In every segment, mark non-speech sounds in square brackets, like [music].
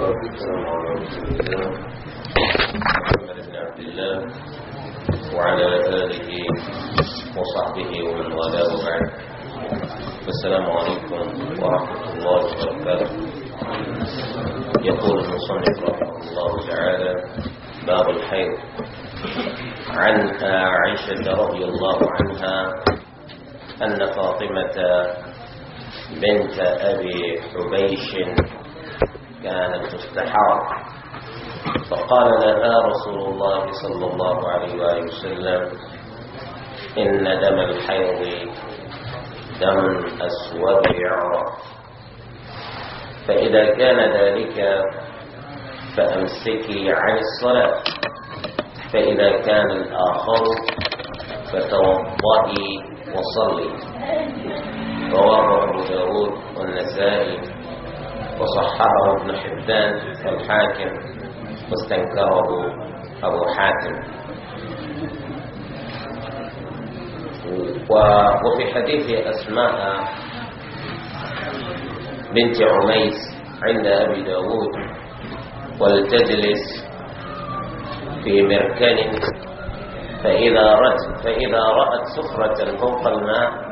والسلام على رسول الله محمد بن عبد الله وعلى آله وصحبه ومن والاه بعد السلام عليكم ورحمة الله وبركاته يقول المصنف رحمه الله تعالى باب الحيض عن عائشة رضي الله عنها أن فاطمة بنت أبي حبيش كانت تستحار فقال لها رسول الله صلى الله عليه وآله وسلم إن دم الحيض دم أسود يعرف فإذا كان ذلك فأمسكي عن الصلاة فإذا كان الآخر فتوضئي وصلي رواه أبو داود والنسائي وصححه ابن حبان والحاكم واستنكره أبو حاتم وفي حديث أسماء بنت عميس عند أبي داود ولتجلس في مركان فإذا رأت, فإذا رأت سفرة فوق الماء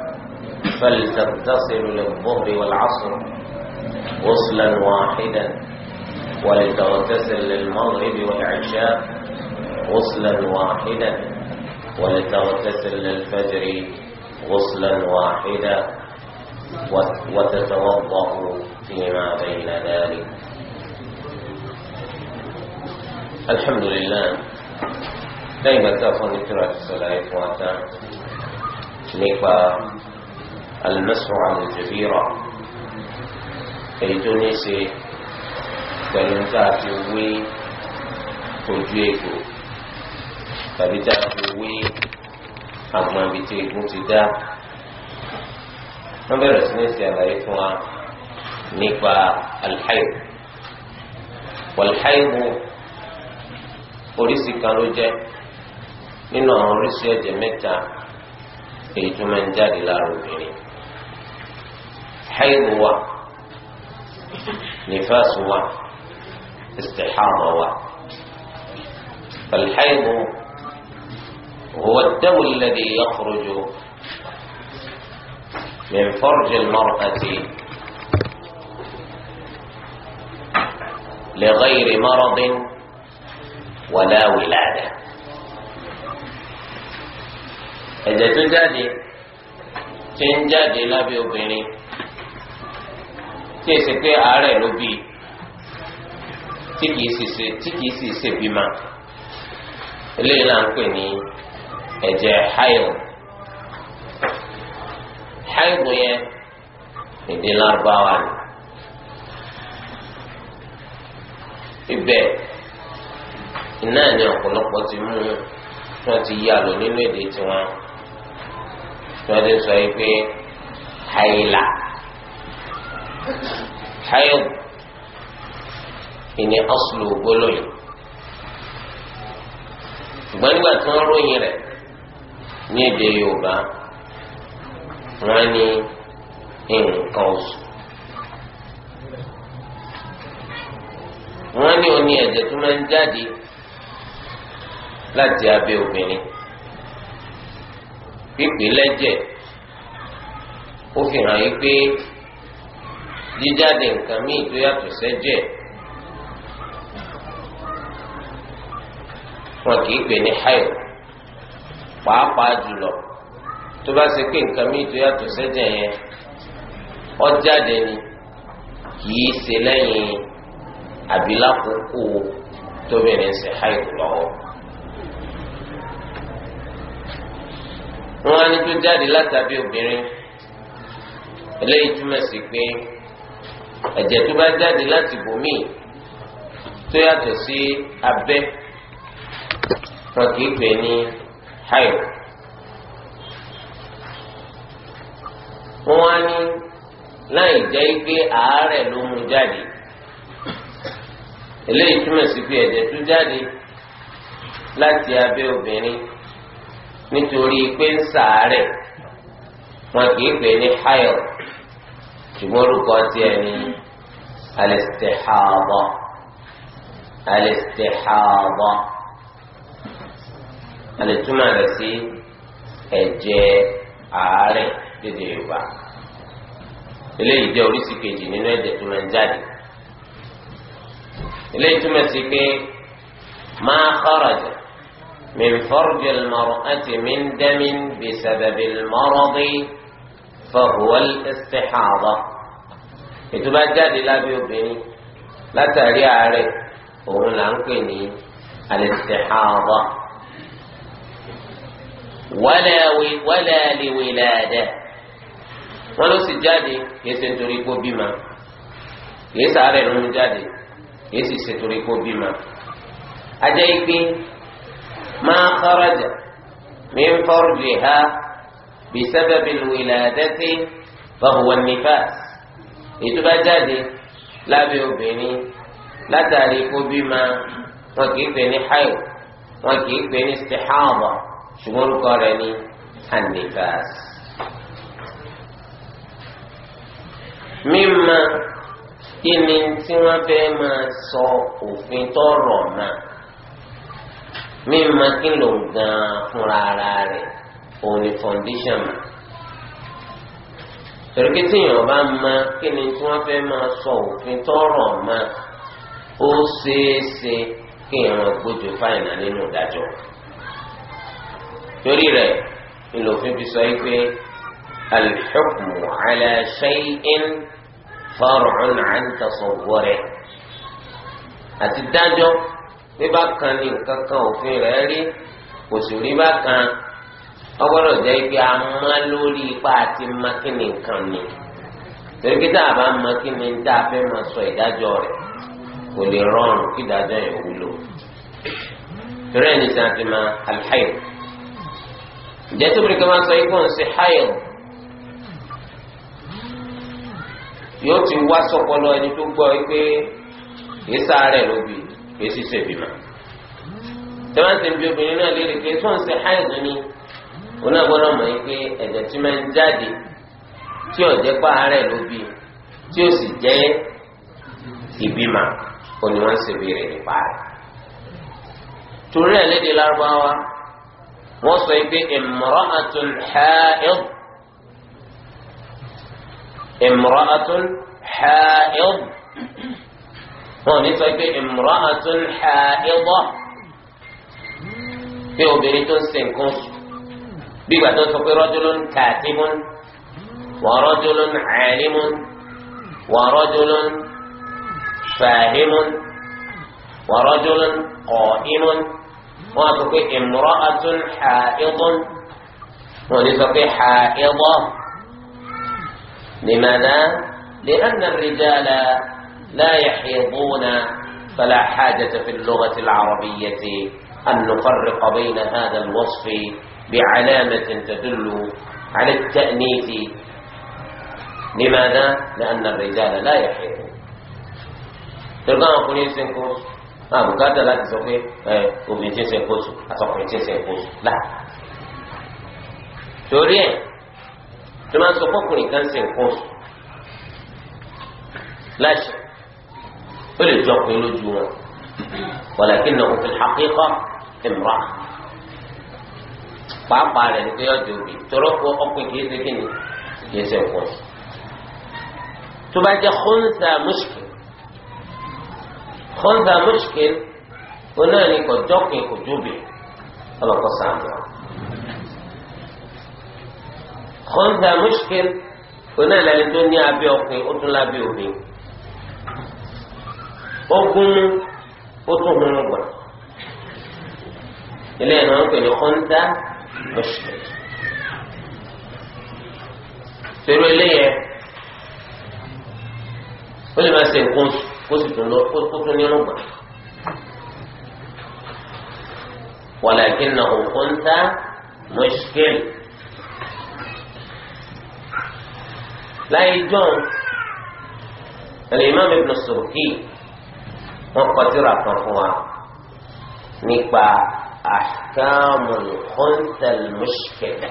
فلتغتصر للظهر والعصر غسلا واحدا ولتغتسل للمغرب والعشاء غسلا واحدا ولتغتسل للفجر غسلا واحدا وتتوضأ فيما بين ذلك الحمد لله دائما تاخذ نكرة الصلاة واتا نقا المسح على الجبيره èyí tó ní ṣe pẹ̀lú tá a fi wé ojú egbò tàbí tá a fi wé àgbọn ibi tí egun ti dá wọ́n bẹ̀rẹ̀ sí ní ṣe àlàyé fún wa nípa alhaib walhaib oríṣi kan ló jẹ́ nínú àwọn oríṣi ẹ̀jẹ̀ mẹ́ta èyí tó máa ń jáde lára obìnrin haib wà. [laughs] نفاس و استحاضة و فالحيض هو الدم الذي يخرج من فرج المرأة لغير مرض ولا ولادة إذا tó jáde لا بيبيني tí èsì pé àárẹ̀ ló bí tí kìí sì ṣe tí kìí sì ṣe bímọ eléyìí náà ń pè ní ẹ̀jẹ̀ hayo hayo yẹn èdè lárúbáwá ni ibẹ̀ náà ni ọ̀pọ̀lọpọ̀ ti mú wọn ti yá lọ nínú èdè tiwọn tí wọn ti sọ yìí pé haila. hayo ìní ọ̀sùlù gbólóyìn ṣùgbọ́n nígbà tí wọ́n ròyìn rẹ̀ ní èdè Yorùbá wọ́n ní nǹkan oṣù wọ́n ní oní ẹ̀jẹ̀ tó máa ń jáde láti abẹ́ obìnrin pípé lẹ́jẹ̀ ó fi hàn yí pé. jíjáde nǹkan míì tó yàtọ̀ sẹ́jẹ̀ wọn kì í pè ní hayo pàápàá jùlọ tó bá ṣe pé nǹkan míì tó yàtọ̀ sẹ́jẹ̀ yẹn ó jáde ni kì í ṣe lẹ́yìn àbílákòókò tóbìnrin ṣe hayo lọ́wọ́. wọn á ní tó jáde látàbí obìnrin eléyìí túmọ̀ sí pé ẹ̀jẹ̀ tó bá jáde láti bòmí tó yàtọ̀ sí abẹ́ wọn kì í pè ní hayo wọn á ní láì jẹ́ pé àárẹ̀ ló mú jáde eléyìí túmọ̀ sí pé ẹ̀jẹ̀ tó jáde láti abẹ́ obìnrin nítorí pé ń ṣàárẹ̀ wọn kì pè ní hayo ṣùgbọ́n orúkọ tiẹ̀ ní alẹ́sítẹ̀háàbọ̀ alẹ́sítẹ̀háàbọ̀ alẹ́túmọ̀ rẹ̀ sí ẹ̀jẹ̀ àárẹ̀ dédé yorùbá eléyìí jẹ́ oríṣi kejì nínú ẹ̀jẹ̀ tó máa ń jáde eléyìí túmọ̀ sí pé máa kọ́rọ̀jà min farjil mar'ati min damin bisababil maradi. فهو الاستحاضة ètò bá jáde lábẹ́ obìnrin látàrí àárẹ̀ òun là ń pè ní al-istihaada wala li wilada wọn ló sì jáde kìí ṣe nítorí kó bímọ kìí sàárẹ̀ ló ń jáde kìí sì ṣe torí kó bímọ. ajẹ́ ìpín ma kharaja min farjiha. بسبب الولادة فهو النفاس ètò bá jáde lábẹ́ obìnrin látàrí kó bímọ wọn kì í pè ní hayo wọn kì í pè ní istihaba ṣùgbọ́n orúkọ rẹ̀ ní anifas. mímọ̀ kí ni tí wọ́n fẹ́ máa sọ òfin tọrọ mọ́ mímọ̀ kí ló ń gan fúnra ara rẹ̀ òun ni foundation torí pé téèyàn bá ma kí ni tí wọ́n fẹ́ máa sọ òfin tọrọ ma ó ṣeé ṣe kéèyàn gbójú fáìnà nínú ìdájọ́ torí rẹ̀ ńlọfin fi sọ pé al-hukmu ala shay'in far'un 'an tasawwurihi àti dájọ́ bí bá kan ní nǹkan kan òfin rẹ̀ rí kò sì rí bá kan ọgbọ́dọ̀ jẹ́ pé a mọ lórí ipa àti makíni nǹkan ni torí pé tá a bá makíni tá a fẹ́ máa sọ ìdájọ́ rẹ̀ kò lè rọrùn kí ìdájọ́ yẹn wúlò torí ẹni sàn àti ma alhaid ǹjẹ́ tóbi kan máa sọ ikú ń ṣe yóò ti wá sọpọlọ ẹni tó gbọ́ pé kìí sáré lóbi kìí sì ṣèbímọ tẹ́wọ́n ti ń bí obìnrin náà lérè pé tó ń ṣe haid ni onágbọ́dọ̀ mọ̀ yín pé ẹ̀jẹ̀ tí máa ń jáde tí ò jẹ́ pa ara ẹ̀ ló bí tí ó sì jẹ́ ìbímọ òní wọ́n ń ṣe béèrè nípa rẹ̀. torí ẹ̀ lédè lárúbáwá wọ́n sọ yín pé imra'atun ha'id imra'atun ha'id wọ́n ní sọ yín pé imra'atun ha'idah pé obìnrin tó ń ṣe nǹkan sùn. bí ìgbà tó sọ pé rajulun katibun wa rajulun alimun wa rajulun fahimun wa rajulun qa'imun wọ́n á sọ pé imra'atun ha'idun wọ́n ní sọ pé ha'idun limadha li'anna ar-rijala la yahiduna fala hajata fi al-lughati al-arabiyyati an nufarriqa bayna hadha al-wasfi. بعلامة تدل على التأنيث لماذا؟ لأن الرجال لا يحيطون تلقاهم قليل سنكوس ها بكاتا لا تسوقي وبنتين سنكوس أتوقعتين سنكوس لا تورين ثم سوقكني كان سنكوس لا شيء فلتوقعي لجوا ولكنه في الحقيقة امرأة pàápàá rẹ̀ ní pé ọjọ́ òbí tọrọ kọ ọkùnrin kìí ṣe kí ni kìí ṣe nǹkan oṣù tó bá jẹ́ khunsa mushkil khunsa mushkil oná ní kò jọkùn kò jóbi ọlọ́kọ sàmúlò khunsa mushkil oná ìlànà tó ní abẹ́ ọkùnrin ó tún lábẹ́ obìnrin ogun ó tún hun gbà ilé ìnáwó pẹ̀lú khunsa mushkil torí eléyẹ ó lè máa ṣe nǹkan oṣù kó sì tún lọ kó tún nínú gbà walakinahu kunta mushkil láyé john al-imam ibn Surki wọn kọ tírà kan fún wa nípa àkàmù kọ́ńtàl mọ́ṣíkẹ́dà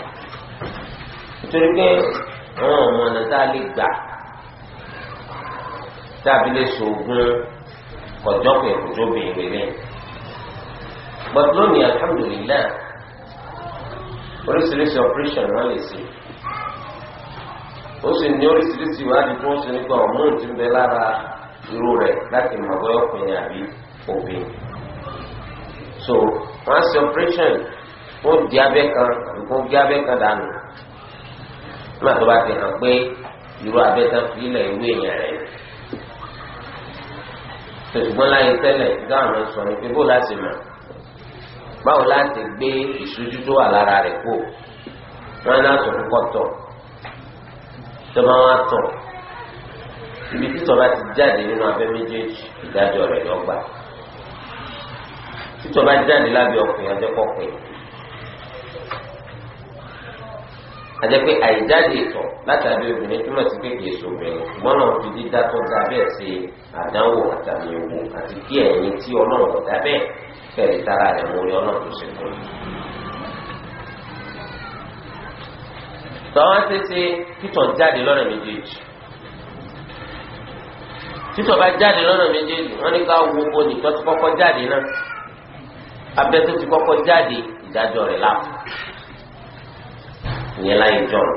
nítorí pé من ọmọ ọ̀nà tá a lè gbà tàbí lè sògùn kọjọ́pẹ̀ kọjọ́bìnrin rẹ̀ gbọdúnì alhamdulilayi oríṣiríṣi operation wọn lè ṣe ó sì ní oríṣiríṣi ìwádìí tó ń ṣe nípa hormone tí ń bẹ lára irú rẹ̀ láti mọ̀ bóyá ọkùnrin àbí obìnrin so wọ́n á ṣe operation ó di abẹ́ kan kó di abẹ́ kan dànù nígbà tó bá ti hàn pé irú abẹ́ tán fi ilẹ̀ ìwé èèyàn rẹ̀ ṣùgbọ́n láyé tẹ́lẹ̀ gáwọn sọ ní pé bó láti mọ̀ báwo láti gbé ìṣojú tó wà lára rẹ̀ kó wọ́n náà sọ púpọ̀ tọ̀ tó bá wọn tọ̀ ibi títọ́ bá ti jáde nínú abẹ́ méjèèjì ìdájọ́ rẹ̀ lọ́gbàá tó bá jáde lábẹ́ ọkùnrin ọjọ́ pọ̀pẹ́ àjẹ́ pé àìjáde ìtọ̀ látàbí obìnrin túmọ̀ sí pé kìí sobìnrin ṣùgbọ́n náà fi dídá tó dá bẹ́ẹ̀ ṣe àdánwò àtàmì òwò àti kí ẹ̀yin tí ọlọ́run ọ̀dá bẹ́ẹ̀ kẹ́rì tára rẹ̀ mórí ọlọ́run tó ṣe fún yìí. tọ́wọ́n ṣeṣe títọ̀ jáde lọ́nà méjèèjì títọ̀ bá jáde lọ́nà méjèèjì wọ́n ní ká wo bo nìkan tó kọ́kọ́ jáde náà abẹ tó ti kọ́kọ́ jáde ìdájọ́ rẹ̀ láàpù ìyẹn láyé jọrọ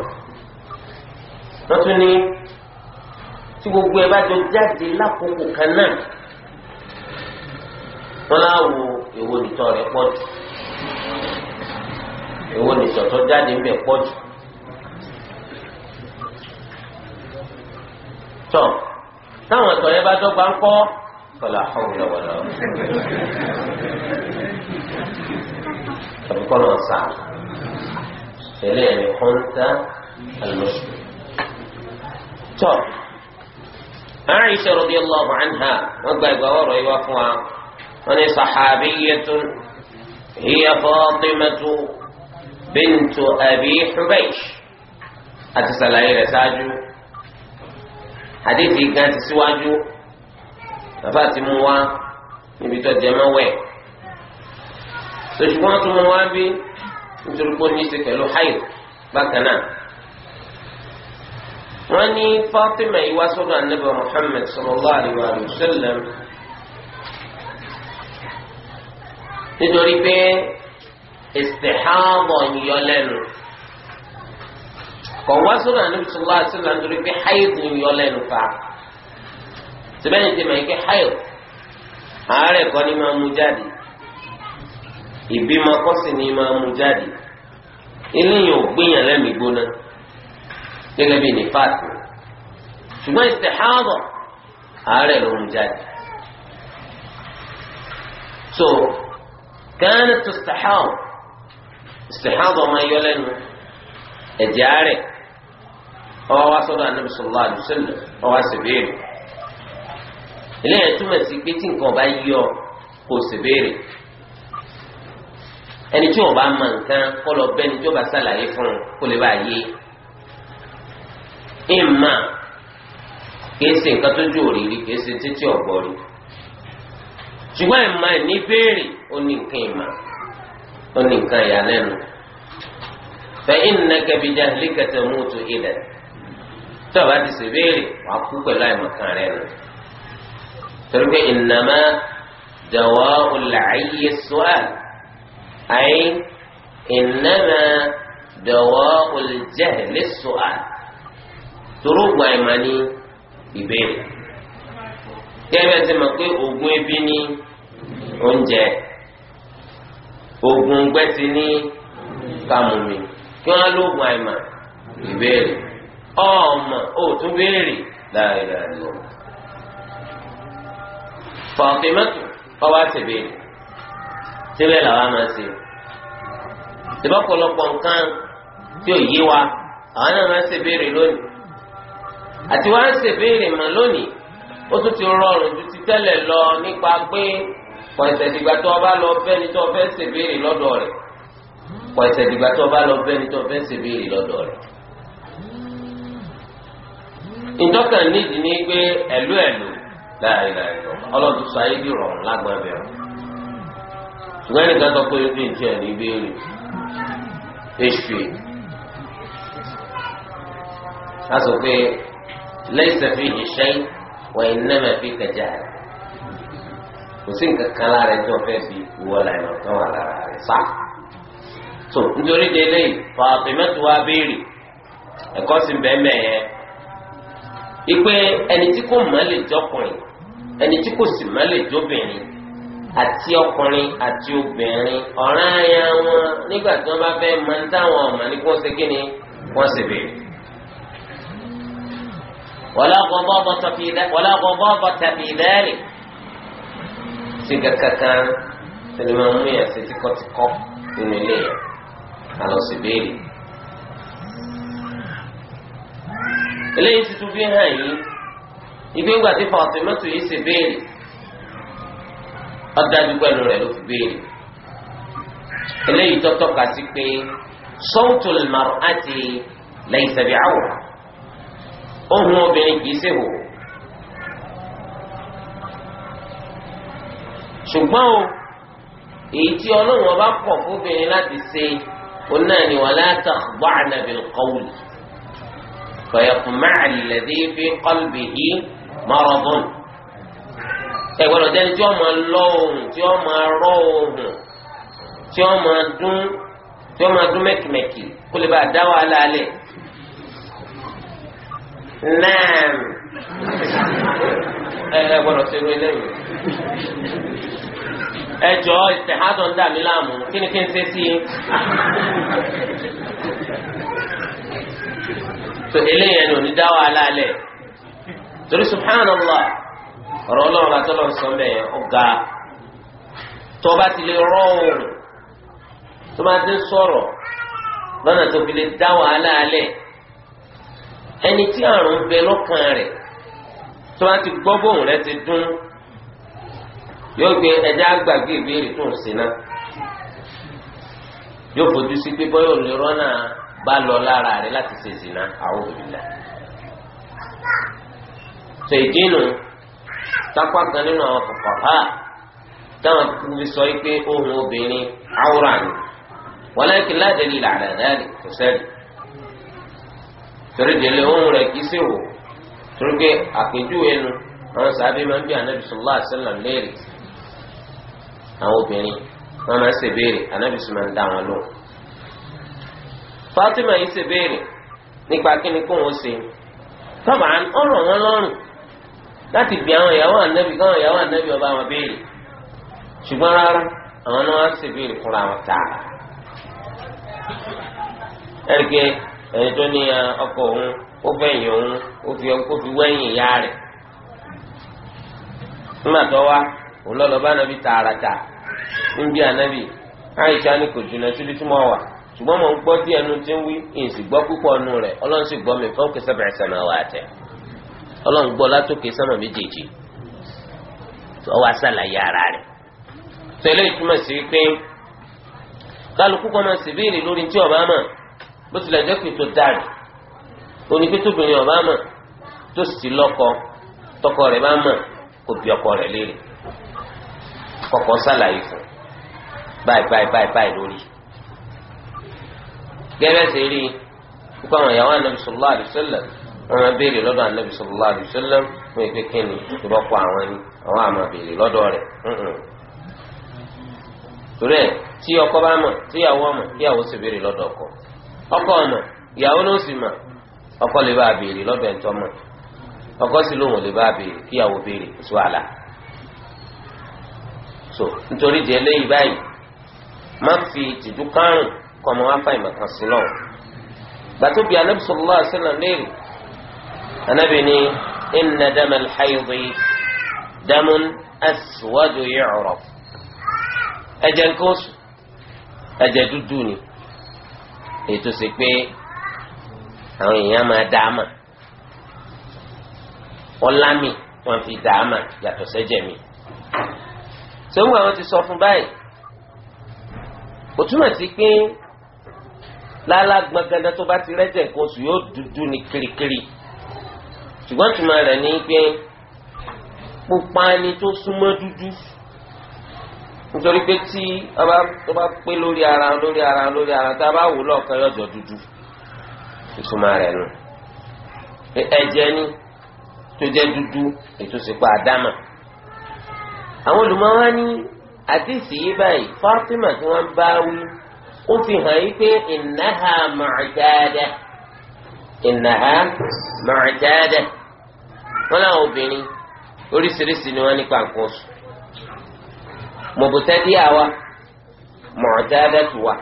wọn tún ní tí gbogbo ẹ bá jọ jáde lákòókò kan náà wọn láwo èwo nìtọ rẹ̀ pọ̀ jù èwo nìtọ tó jáde ń bẹ pọ̀ jù tọ táwọn ìtọ yẹn bá dọ́gba ńkọ́. فلا حول ولا قوة فبكون صعب إليه كنت المشكل طب عائشة رضي الله عنها وقال قوار يوافوا أنا صحابية هي فاطمة بنت أبي حبيش أتسأل إلى ساجو حديثي كانت سواجو bàbá ti mú wá níbi tó jẹ mọ́ wẹ̀ sọ̀tùmọ́ tó mú wá bí nítorí pé ó ní í ṣe pẹ̀lú haid bákan náà wọ́n ní Fatima yìí wá sọ́dọ̀ anabi Muhammad sallallahu alayhi wa sallam nítorí pé istihaadọ̀ yọ lẹ́nu kọ̀ wá sọ́dọ̀ anabi sallallahu nítorí pé haid yọ lẹ́nu fàá sẹ́bẹ̀ni ti mọ̀ ike hayo àárẹ̀ kọ́ ni máa mú jáde ìbímọ kọ́ sì ni máa mú jáde eléyìí ò gbéyàn lẹ́mìí gbóná gẹ́gẹ́ bí nífàtì ṣùgbọ́n ìsìtẹ̀háàbọ̀ àárẹ̀ ló mú jáde so gánà tó ìsìtẹ̀háàbọ̀ ìsìtẹ̀háàbọ̀ máa yọ lẹ́nu ẹ̀jẹ̀ àárẹ̀ ọwọ́ wa sọ́dọ̀ Ànábì sallallahu alaihi wasallam ọwọ́ àṣìbéèrè eléyà túmọ̀ sí pé tí nǹkan ọba yí ọ kò sì béèrè ẹni tí wọn bá mọ nǹkan kọ lọ bẹ́ni tí wọn bá ṣàlàyé fún un kó lè bá yé ìmọ̀ kìí ṣe nǹkan tó ju òrìrì kìí ṣe títí ọ̀gbọ́ rí ṣùgbọ́n ìmọ̀ ní béèrè ó ní nǹkan ìmọ̀ ó ní nǹkan ìyàlẹ́nu fa innaka bi jahlika tamutu idan tó o bá ti ṣe béèrè wàá kú pẹ̀lú àìmọ̀kan rẹ̀ nù. torí pé ìnàmá dawa'ul 'ayyi as-su'al ay ìnàmá dawa'ul jahli as-su'al torógbà ìmọ̀ ní ìbéèrè gẹ́gẹ́ ti mọ̀ pé oògùn ebi ní oúnjẹ oògùn gbẹ́tì ní kàmùmí kí wọ́n lóògùn àìmọ̀ ìbéèrè ọmọ tuberi béèrè láìláìlọ́wọ́. Fatimatu ọwọ́ àtẹ̀bẹ̀rẹ̀ síbẹ̀ làwọn máa ṣe ṣùgbọ́n ọ̀pọ̀lọpọ̀ nǹkan tí ò yé wa àwọn náà máa ṣe béèrè lónìí àti wọ́n á ṣe béèrè mọ́ lónìí ó tún ti rọrùn ju ti tẹ́lẹ̀ lọ nípa pé kò ẹ̀sẹ̀ dìgbà tó o bá lọ bẹ́ni tó o fẹ́ ṣe lọ́dọ̀ rẹ̀ kò ẹ̀sẹ̀ dìgbà tó o bá lọ bẹ́ni tó o fẹ́ ṣe lọ́dọ̀ rẹ̀ ìjọkàn nídìí ní pé ẹ̀lú ẹ̀lú láàrin láàrin ọlọ́dún sọ ayé bí rọrùn lágbọ́n bẹ̀rẹ̀ ṣùgbọ́n sọ pé ebi ń tiẹ̀ ní béèrè hp a sọ pé lẹ́sẹ̀ fi yìí ṣẹ́yìn wọ́n iná fi kẹjà rẹ̀ kò sí nǹkan kan lára ẹjọ́ fẹ́ fi ìwọ lànà kan wà lára rẹ̀ sá tó nítorí délé fàtìmẹ́tò wa béèrè ẹ̀kọ́ sì bẹ́ẹ̀ mẹ́ẹ̀ẹ́ ipe ẹni tí kò lè jọkùnrin. ẹni tí kò sì má lè jóbìnrin àti ọkùnrin àti obìnrin ọ̀ràn ayá wọn nígbà tí wọ́n bá fẹ́ máa ń táwọn ọ̀mà ní kó ṣe kíni wọ́n sì bèrè. wala ghadabata fi dhalik síga kankan tẹ̀lé máa mú yàn sí tíkọ́tíkọ́ nínú ilé yẹn ká lọ sí bèrè. eléyìí ti tún fi hàn yìí ìgbé ńgbà tí Fátímátù yìí ṣe béèrè ọ̀dájú pẹ̀lú rẹ̀ ló fi béèrè eléyìí tó tọ́ka sí pé sawtul mar'ati laysa bi'awra ohùn obìnrin kìí ṣe wò ṣùgbọ́n o èyí tí ọlọ́run ọba pọ̀ fóbìnrin láti ṣe òun náà ni wala takhda'na bil qawli fa yatma'a alladhi fi qalbihi márọ̀bọ̀n ẹ gbọ́dọ̀ jẹ́ni tí wọ́n máa lọ ohùn tí wọ́n máa rọ ohùn tí wọ́n máa dún tí wọ́n máa dún mẹ́kìmẹ́kì kó lè bá a dá wàhálà alẹ̀ naam ẹ ẹ gbọ́dọ̀ ṣe eré lẹ́yìn ẹ jọ ìtẹ̀hádọ̀ ń dà mí láàmú kí ni kí n ṣe sí i so eléyìí ẹni ò ní dá wàhálà alẹ̀. torí subhanallah ọ̀rọ̀ ọlọ́run àti ọlọ́run sọ bẹ́ẹ̀ ọ̀gá tó bá ti lè rọrùn tó bá ti sọ̀rọ̀ lọ́nà tó fi lè dá wàhálà ẹni tí àrùn bẹ lọ́kàn rẹ̀ tó bá ti gbọ́ bóun ti dún yóò gbé ẹja àgbàgbé ìbéèrè tó ń yóò fojú sí pé bọ́yọ̀ lè tó ìdínú tápá kan nínú àwọn ha táwọn sọ pé ohun obìnrin awúrà ni wọn lẹ́yìn kí ládẹ́lì kò torí délé ohun rẹ̀ kì í sì wò torí pé àpèjúwe nu àwọn sàbí máa ń bí anabi sọlá àṣẹlẹ léèrè àwọn obìnrin wọn máa ń ṣèbéèrè anabi sọ máa ń dá wọn Fatima yìí ṣèbéèrè nípa kíni ṣe ọ̀rọ̀ wọn lọ́rùn. láti bí àwọn ìyàwó ànábì káwọn ìyàwó ànábì ọba àwọn béèrè ṣùgbọ́n rárá àwọn náà wá sí béèrè fúnra wọn tààrà. ẹ̀rìkẹ́ ẹni tó ní ọkọ òun ó fẹ̀yìn òun ó fi ó fi wẹ́yìn ìyá rẹ̀ nígbà tó wá òun lọ́ọ́ bá ànábì ń bí ànábì àìsàn ni kò jìnnà síbi tí mo wà mo ń gbọ́ ti ń wí ìsìgbọ́ púpọ̀ nu ọlọ́run gbọ́ látòkè sánmà méjèèjì tó wá sàlàyé ara rẹ̀ tẹ́lẹ̀ ìtumọ̀ sí wípé kálukú kan máa sì béèrè lórí tí ọba mọ̀ bó tilẹ̀ jẹ́ pé tó dàrú onípẹ́tòbìnrin ọba mọ̀ tó sì lọ́kọ tọkọ rẹ̀ bá mọ̀ kò bí ọkọ rẹ̀ léèrè kọ̀kọ́ sàlàyé fún báyìí báyìí báyìí báyìí lórí gẹ́gẹ́ sí rí i àwọn ìyàwó ànàbìsọ̀lá wọn máa béèrè lọ́dọ̀ anabi sallallahu alaihi wasallam wọn àwọn ẹni àwọn àmà béèrè lọ́dọ̀ rẹ̀ torí ẹ̀ tí ọkọ bá tí ìyàwó ọmọ ìyàwó ọkọ ọkọ ọmọ ìyàwó ló sì ọkọ lè bá a béèrè lọ́dọ̀ ọkọ sì lóun lè bá a béèrè kí ìyàwó béèrè so nítorí di eléyìí báyìí má fi kárùn fà ìmọ̀ kan sí náà gbàtóbi anabi anabi ni inna dama alhaidi damun aswadu yu'raf ẹ̀jẹ̀ nǹkan oṣù ẹ̀jẹ̀ dúdú ni ètò sì pé àwọn èèyàn máa dá àmà ọlámì wọn fi dá àmà yàtọ̀ sẹ́jẹ̀ mi sọ́wọ́n àwọn ti sọ fún báyìí òtúmọ̀ sí pé lálá gbọ̀ngàn tó bá ti rẹ́jẹ̀ nǹkan yóò dúdú ni kirikiri. Kiri ṣùgbọ́n tuma rẹ̀ ní pé pupa ni tó súnmọ́ dúdú nítorí pé tí ọba tó bá pé lórí ara lórí ara lórí ara tá a bá wò lọ́ọ̀kan yọjọ́ dúdú ìtumọ̀ rẹ̀ nù ẹ̀jẹ̀ ni tó jẹ́ dúdú ètò ìsìnkú àdámà àwọn olùmọ̀wá ní àdìsí yìí báyìí Fatima tí wọ́n bá wí ó fi hàn yí pé ìnáhà mọ̀ọ́dáadá ìnáhà mọ̀ọ́dáadá. wọn làwọn obìnrin oríṣiríṣi ni wọn nípa nǹkan oṣù mọ̀bùtẹ́díà wa mọ̀ọ́tẹ́dẹ́tù wa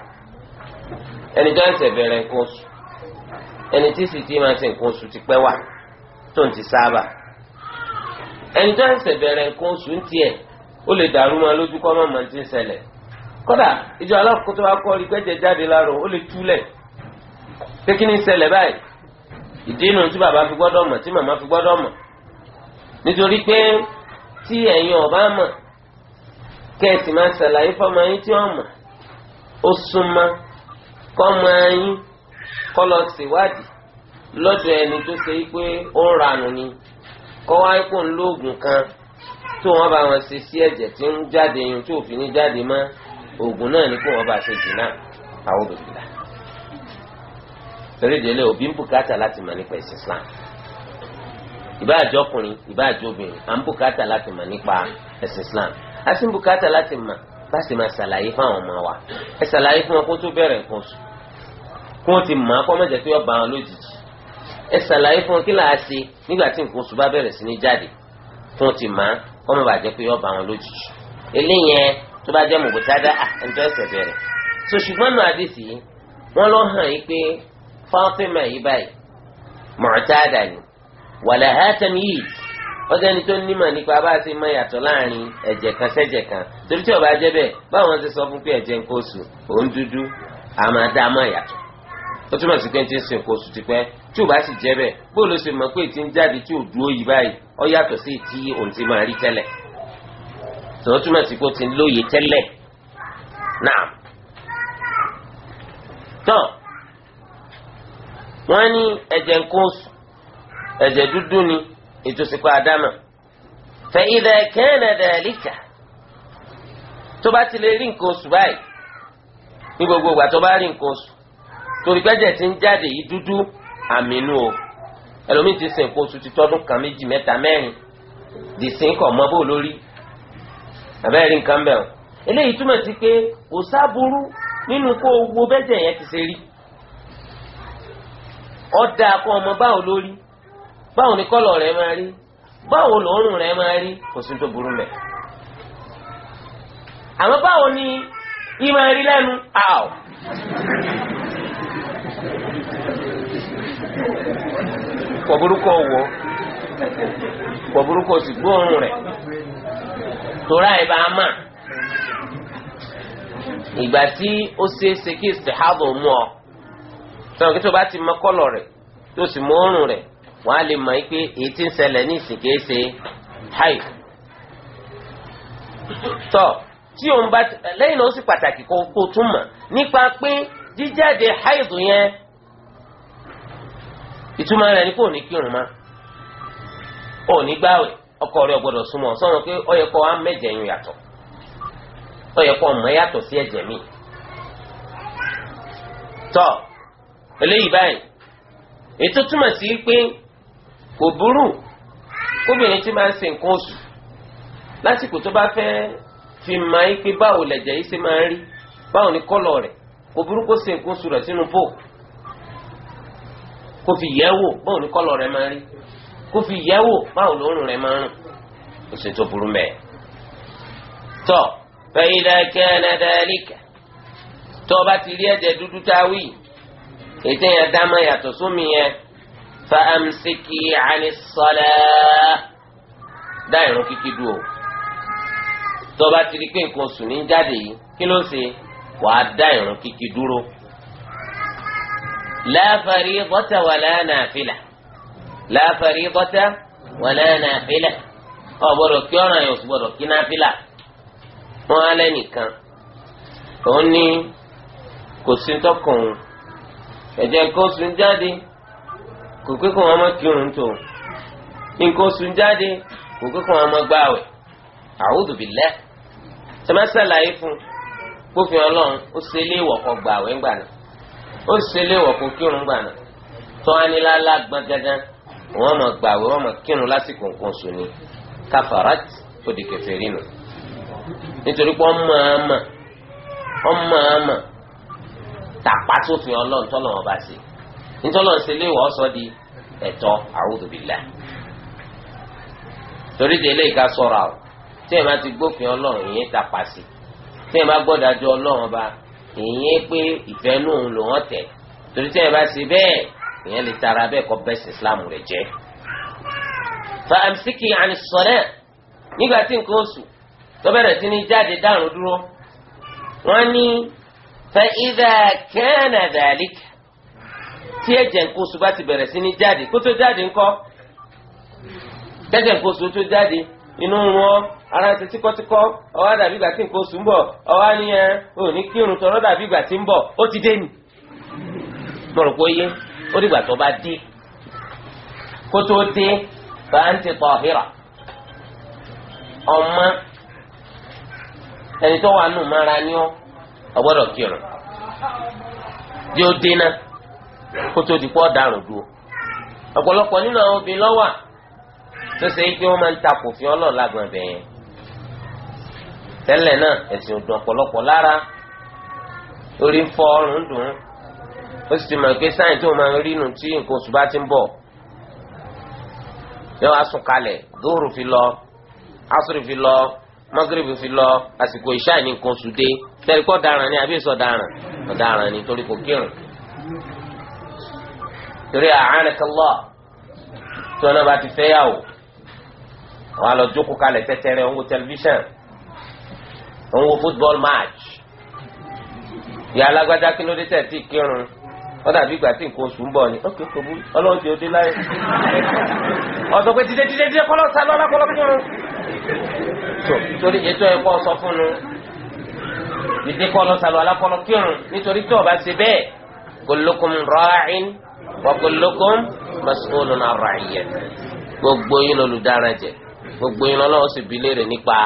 ẹni tó ń nǹkan oṣù ẹni tí sì ti máa ṣe nǹkan oṣù ti pẹ́ wà tó ń ti sábà ẹni tó ń nǹkan oṣù ń tiẹ̀ ó lè dàrú lójú kọ́ ti ń ṣẹlẹ̀ kódà ìjọ fi gbọ́dọ̀ mọ̀ tí màmá fi gbọ́dọ̀ mọ̀ nítorí pé tí ẹ̀yin ọ̀bá mọ̀ kẹ́ẹ̀tì máa ṣàlàyé fọmọ yín tí ó mọ̀ ó súnmọ́ kọ́mọ yín kọ́ lọ ṣèwádìí lọ́dọ̀ ẹni tó ṣe pé ó ń ranù ni kọ́ wá kó ń lóògùn kan tó wọ́n bá wọn ṣe sí ẹ̀jẹ̀ tí ń jáde yín tí òfin ní jáde mọ́ oògùn náà ni kó wọ́n bá ṣe jù náà àwọn òbí bìlà torí ìdílé òbí ń bùkátà láti mọ̀ nípa ìsìn Islam ìbáàjọ́ ọkùnrin ìbáàjọ́ obìnrin à ń bùkátà láti mọ̀ nípa ẹ̀sìn Islam a sì ń bùkátà láti mọ̀ bá sì máa ṣàlàyé fún àwọn ọmọ wa ẹ ṣàlàyé fún wọn kó tó bẹ̀rẹ̀ nǹkan oṣù kó wọn ti mọ̀ akọ́ mọ̀jẹ̀ tó yọ bá wọn lójijì ẹ ṣàlàyé fún wọn kí làá ṣe nígbà tí nǹkan oṣù bá bẹ̀rẹ̀ sí ní jáde kó wọn ti mọ̀ kọ́ mọ̀ bàjẹ́ pé yọ bá wọn lójijì eléyẹn tó bá jẹ́ mọ̀gbọ́tádá ẹ̀ńtọ́ ẹ̀sẹ̀ so ṣùgbọ́n nù àdìsí wọn lọ hàn yí pé Fatima wàlàhà tẹmíyì ọjọ́ ẹni tó nímọ̀ nípa bá a ti mọ láàrin ẹ̀jẹ̀ kan sẹ́jẹ̀ kan torí tí jẹ́ bẹ́ẹ̀ báwọn ti sọ fún pé ẹ̀jẹ̀ òun dúdú dá a mọ̀ ìyàtọ̀ ó túmọ̀ sí pé ti ń sin nǹkan oṣù tipẹ́ tí ò sì jẹ́ bẹ́ẹ̀ bó ló ṣe mọ̀ pé ti ń jáde tí ò dúró yìí báyìí yàtọ̀ sí ti òun ti máa rí tẹ́lẹ̀ túmọ̀ sí pé ó ti lóye tẹ́lẹ̀ náà tán wọ́n ní ẹ̀jẹ̀ ẹ̀jẹ̀ dúdú ni ètò ìsìnkú àdámà fa idha kana tó bá ti lè rí nǹkan oṣù báyìí ní gbogbo ìgbà tó bá rí nǹkan oṣù torí pẹ́jẹ̀ ti ń jáde yìí dúdú o ẹlòmíì ti sìn nǹkan oṣù ti tọ́dún kan méjì mẹ́ta mẹ́rin dìsín kọ̀ mọ́ bó lórí àbẹ́rẹ́ rí nǹkan bẹ́ẹ̀ o eléyìí túmọ̀ sí pé kò nínú kó bẹ́jẹ̀ yẹn ti ṣe rí ọ̀dà ọmọ báwo lórí báwo ni kọ́lọ̀ rẹ máa rí báwo lòórùn rẹ máa rí kò sí tó burú mẹ́. àmọ́ báwo ni í máa rí lẹ́nu àwọ̀. kò burúkọ wọ kò burúkọ sì gbóòórùn rẹ̀ tora ẹ̀ bá a mà ìgbà tí ó ṣeé ṣe kí ìsìtìhábò mú ọ sọ̀rọ̀ kí tó bá ti mọ kọ́lọ̀ rẹ̀ tó sì mọ òórùn rẹ̀ wọn a lè mọ yìí pé èyí tí ń ṣẹlẹ̀ ní ìsìn kìí ṣe tí òun bá lẹ́yìn náà ó sì pàtàkì kó kó mọ̀ nípa pé jíjáde haid yẹn ìtumọ̀ rẹ̀ ni kò ní kírun mọ́ ò ní ọkọ rẹ̀ gbọ́dọ̀ súnmọ́ sọ̀rọ̀ pé ó yẹ kó wá yàtọ̀ yẹ kò burú kóbìnrin tí máa ń ṣe nǹkan oṣù lásìkò tó bá fẹ́ fi máa ń pé báwo lẹ̀jẹ̀ yìí ṣe máa ń rí báwo ni kọ́lọ̀ rẹ̀ kò burú kó ṣe nǹkan oṣù rẹ̀ sínú bò kó fi yẹ̀ wò báwo ni kọ́lọ̀ rẹ̀ máa rí kó fi yẹ̀ wò báwo lóorùn rẹ̀ máa rùn kò sì tó burú mẹ́ẹ̀. tọ́ fẹ́yìndà kẹ́ẹ̀nẹ́dẹ́ẹ́lìkà tọ́ bá ti rí ẹ̀jẹ̀ dúdú táwí ètè yẹn dá máa yàtọ̀ sómi yẹn fa'amsiki ani sọlẹ dá ìrun kíkí dúró tọba ti di pé nǹkan oṣù ní jáde yìí kí ló ń ṣe wàá dá ìrun kíkí dúró la fariidata wala nafila la fariidata wala nafila ọ kí ọ̀ràn yẹn o kí nàfìlà wọn alẹ nìkan òun ní kò sí tọkùn ẹjẹ kó sùn jáde kò pé kó wọn má kírun tó nǹkan oṣù jáde kò pé kó wọn má gbààwẹ̀ a'udhu billah tẹmẹ sàlàyé fún kófin Ọlọ́run ó ṣe ilé ìwọkọ gbààwẹ̀ ńgbà náà ó ṣe ilé ìwọkọ kírun ńgbà náà tọ́ anilala gbọ́n dandan wọn má gbààwẹ̀ wọn má kírun lásìkò nǹkan oṣù ni kafarat ó di nítorí pé ọmọ àmà ọmọ àmà tàpá sófin Ọlọ́run tọ́lọ́wọ́n bá ṣe nítorí ọ̀sẹ̀ ilé ìwọ̀ ọ̀sọ́ di ẹ̀tọ́ àwùjọbìlà torí de ilé ìka sọ̀rọ̀ àwọ̀ tí ẹ̀ bá ti gbófin ọlọ́run ìyẹn ta pàṣẹ tí ẹ̀ bá gbọ́dájọ́ ọlọ́run ọba ìyẹn pé ìfẹ́ nù ń lò wọ́n tẹ̀ torí tí ẹ̀ bá ṣe bẹ́ẹ̀ ìyẹn lè tara bẹ́ẹ̀ kọ́ bẹ́sẹ̀ Islam rẹ̀ jẹ́. fa amsiki àni sọ̀rẹ́ nígbà tí nǹkan oṣù tó bẹ̀rẹ̀ ní jáde dárùn dúró wọ́n ní fa idha kana dhalika tí ẹ̀jẹ̀ nǹkan bá ti bẹ̀rẹ̀ sí ní jáde kó tó jáde ńkọ́ tẹ́jẹ̀ nǹkan tó jáde inú rún ọ ara ti tíkọ́tíkọ́ ọwọ́ dàbí ìgbà tí nǹkan ń bọ̀ ọwọ́ ni ní kírun tọrọ dàbí ìgbà tí ń bọ̀ ti dé ni. mo rò pé yé ó dìgbà tó bá dé kó tó dé bá ń ti híra ọmọ ẹni ọ kírun dé náà. kó tó di pọ́ ọ̀daràn dúró ọ̀pọ̀lọpọ̀ nínú àwọn obìnrin lọ́wà tó ṣe é pé wọ́n máa ń takò fi ọlọ́ọ̀ lágbọ̀n bẹ̀ yẹn tẹ́lẹ̀ náà ẹ̀sìn ò dùn ọ̀pọ̀lọpọ̀ lára orí ń fọ ọrùn dùn ó sì ti mọ̀ pé sáyìn tó máa ń rí nù tí nǹkan oṣù bá ti ń bọ̀ yóò wá sùn kalẹ̀ dóòrù fi lọ asùrù fi lọ mọ́gírìbì fi lọ àsìkò ìṣáì nǹkan oṣù dé tẹ́lẹ̀ kọ́ daràn ni àbí èso daràn ọ̀daràn ni torí kò kírun torí àánákàlá tí wọn náà bá ti fẹ́yàwó wọn á lọ jókòó kalẹ̀ tẹ́tẹ́rẹ́ wọn wo tẹlifíṣàn wọn wo football match ìyá alágbájá kí ló dé tẹ̀ tí kírun wọ́n dàbí ìgbà tí nǹkan oṣù ń bọ̀ ni ókè kò burú ọlọ́run ti ó dé láyé ọ̀sọ̀ pé dídé dídé dídé kọ́lọ́ sá lọ́lá kọ́lọ́ kírun torí ètò ẹ̀kọ́ sọ fún un dídé kọ́lọ́ sá lọ́lá kọ́lọ́ kírun nítorí tí ọba ṣe bẹ́ẹ̀ kullukum ra'in wa kullukum mas'ulun 'an ra'iyyati gbogbo yín lọ́lùdára jẹ gbogbo yín lọ́lọ́wọ́ sì bi léèrè nípa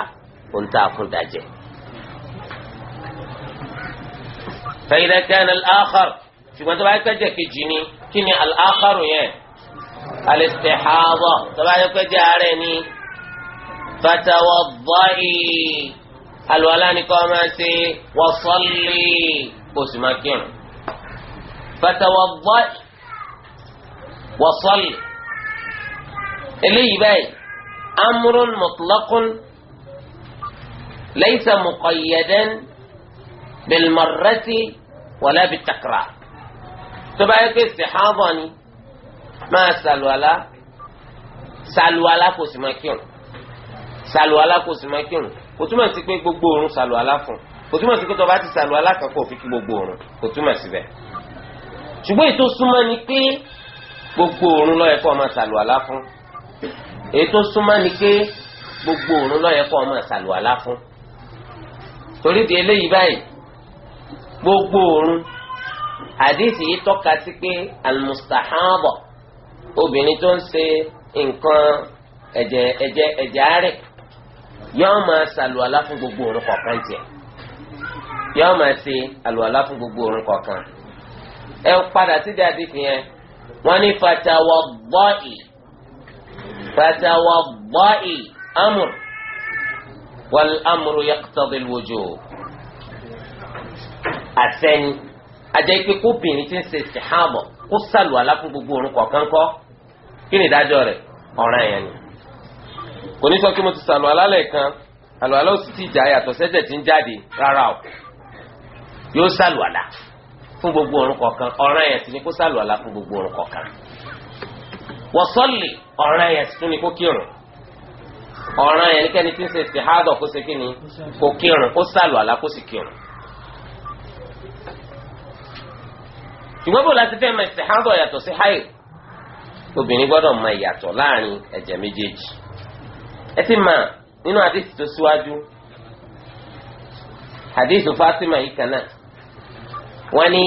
ohun tá a fún dájẹ. fa idha kana al-akhar ṣùgbọ́n tó bá yẹ pẹ́jẹ kejì ni kí ni al ni fatawadda'i alùwàlá ni kọ́ máa ṣe wọ́sọ́lì eléyìí báyìí amúrún mọ̀tòlọ́kùn lẹ́yìísà mùkọ̀yẹ̀dẹ́n bẹ̀lmọ̀rẹ́tì wọlé bi takra tó bá yẹ kó ìsìnkáàbọ̀ ni máa sàlùwàlá sàlùwàlá kò sì máa kírun sàlùwàlá kò sì máa kírun kò túmọ̀ sí pé gbogbo òórùn sàlùwàlá fún kò túmọ̀ sí pé tó bá ti sàlùwàlá kan kò fi kí gbogbo òórùn kò túmọ̀ síbẹ̀ ṣùgbọ́n ètò súnmọ́ ni pé gbogbo òórùn ló yẹ kó máa ṣàlùwàlá fún èyí tó súnmọ́ ni pé gbogbo òórùn ló yẹ kó máa ṣàlùwàlá fún torí di eléyìí báyìí gbogbo òórùn àdéhìí yìí tọ́ka sí pé almustahaba obìnrin tó ń ṣe nǹkan ẹ̀jẹ̀ ẹ̀jẹ̀ ẹ̀jẹ̀ àárẹ̀ yọ́ọ́ máa ṣàlùwàlá fún gbogbo òórùn kọ̀ọ̀kan tiẹ̀ yọ́ọ́ máa ṣe àlùwàlá fún gbogbo òórùn kọ̀ọ̀kan ẹ padà sí dáadé yẹn wọ́n ní fatawa bọ́ì fatawa bọ́ì amur wal amuru yaqtadi alwujub àsẹ́ni ajẹ́ pé kóbìnrin ti ń ṣe sèhábọ̀ kó sàlù aláfún gbogbo orun kọ̀ọ̀kan kọ́ kí ni ìdájọ́ rẹ̀ ọ̀ràn yẹn ni kò ní sọ kí mo ti sàlù alálẹ̀ kan àlọ́ alọ́ sì ti jà yàtọ̀ sẹ́jẹ̀ ti ń jáde rárá o yóò sàlù àlà fún gbogbo òrùn kọ̀ọ̀kan ọ̀ràn yẹn sì ni kó sàlùwàlà fún gbogbo òrùn kọ̀ọ̀kan wọ́sọ́lì ọ̀ràn yẹn sì tún ni kó kírun ọ̀ràn yẹn nìkẹ́ni tí ń ṣe ìsìhádọ̀ kó ṣe kí ni kó kírun kó sàlùwàlà kó sì kírun. ṣùgbọ́n bó láti fẹ́ mọ ìsìhádọ̀ yàtọ̀ sí háì obìnrin gbọ́dọ̀ mọ ìyàtọ̀ láàrin ẹ̀jẹ̀ méjèèjì ẹ ti mọ nínú àdìsí tó síwájú àdìsí Fatima yìí kan náà wọ́n ní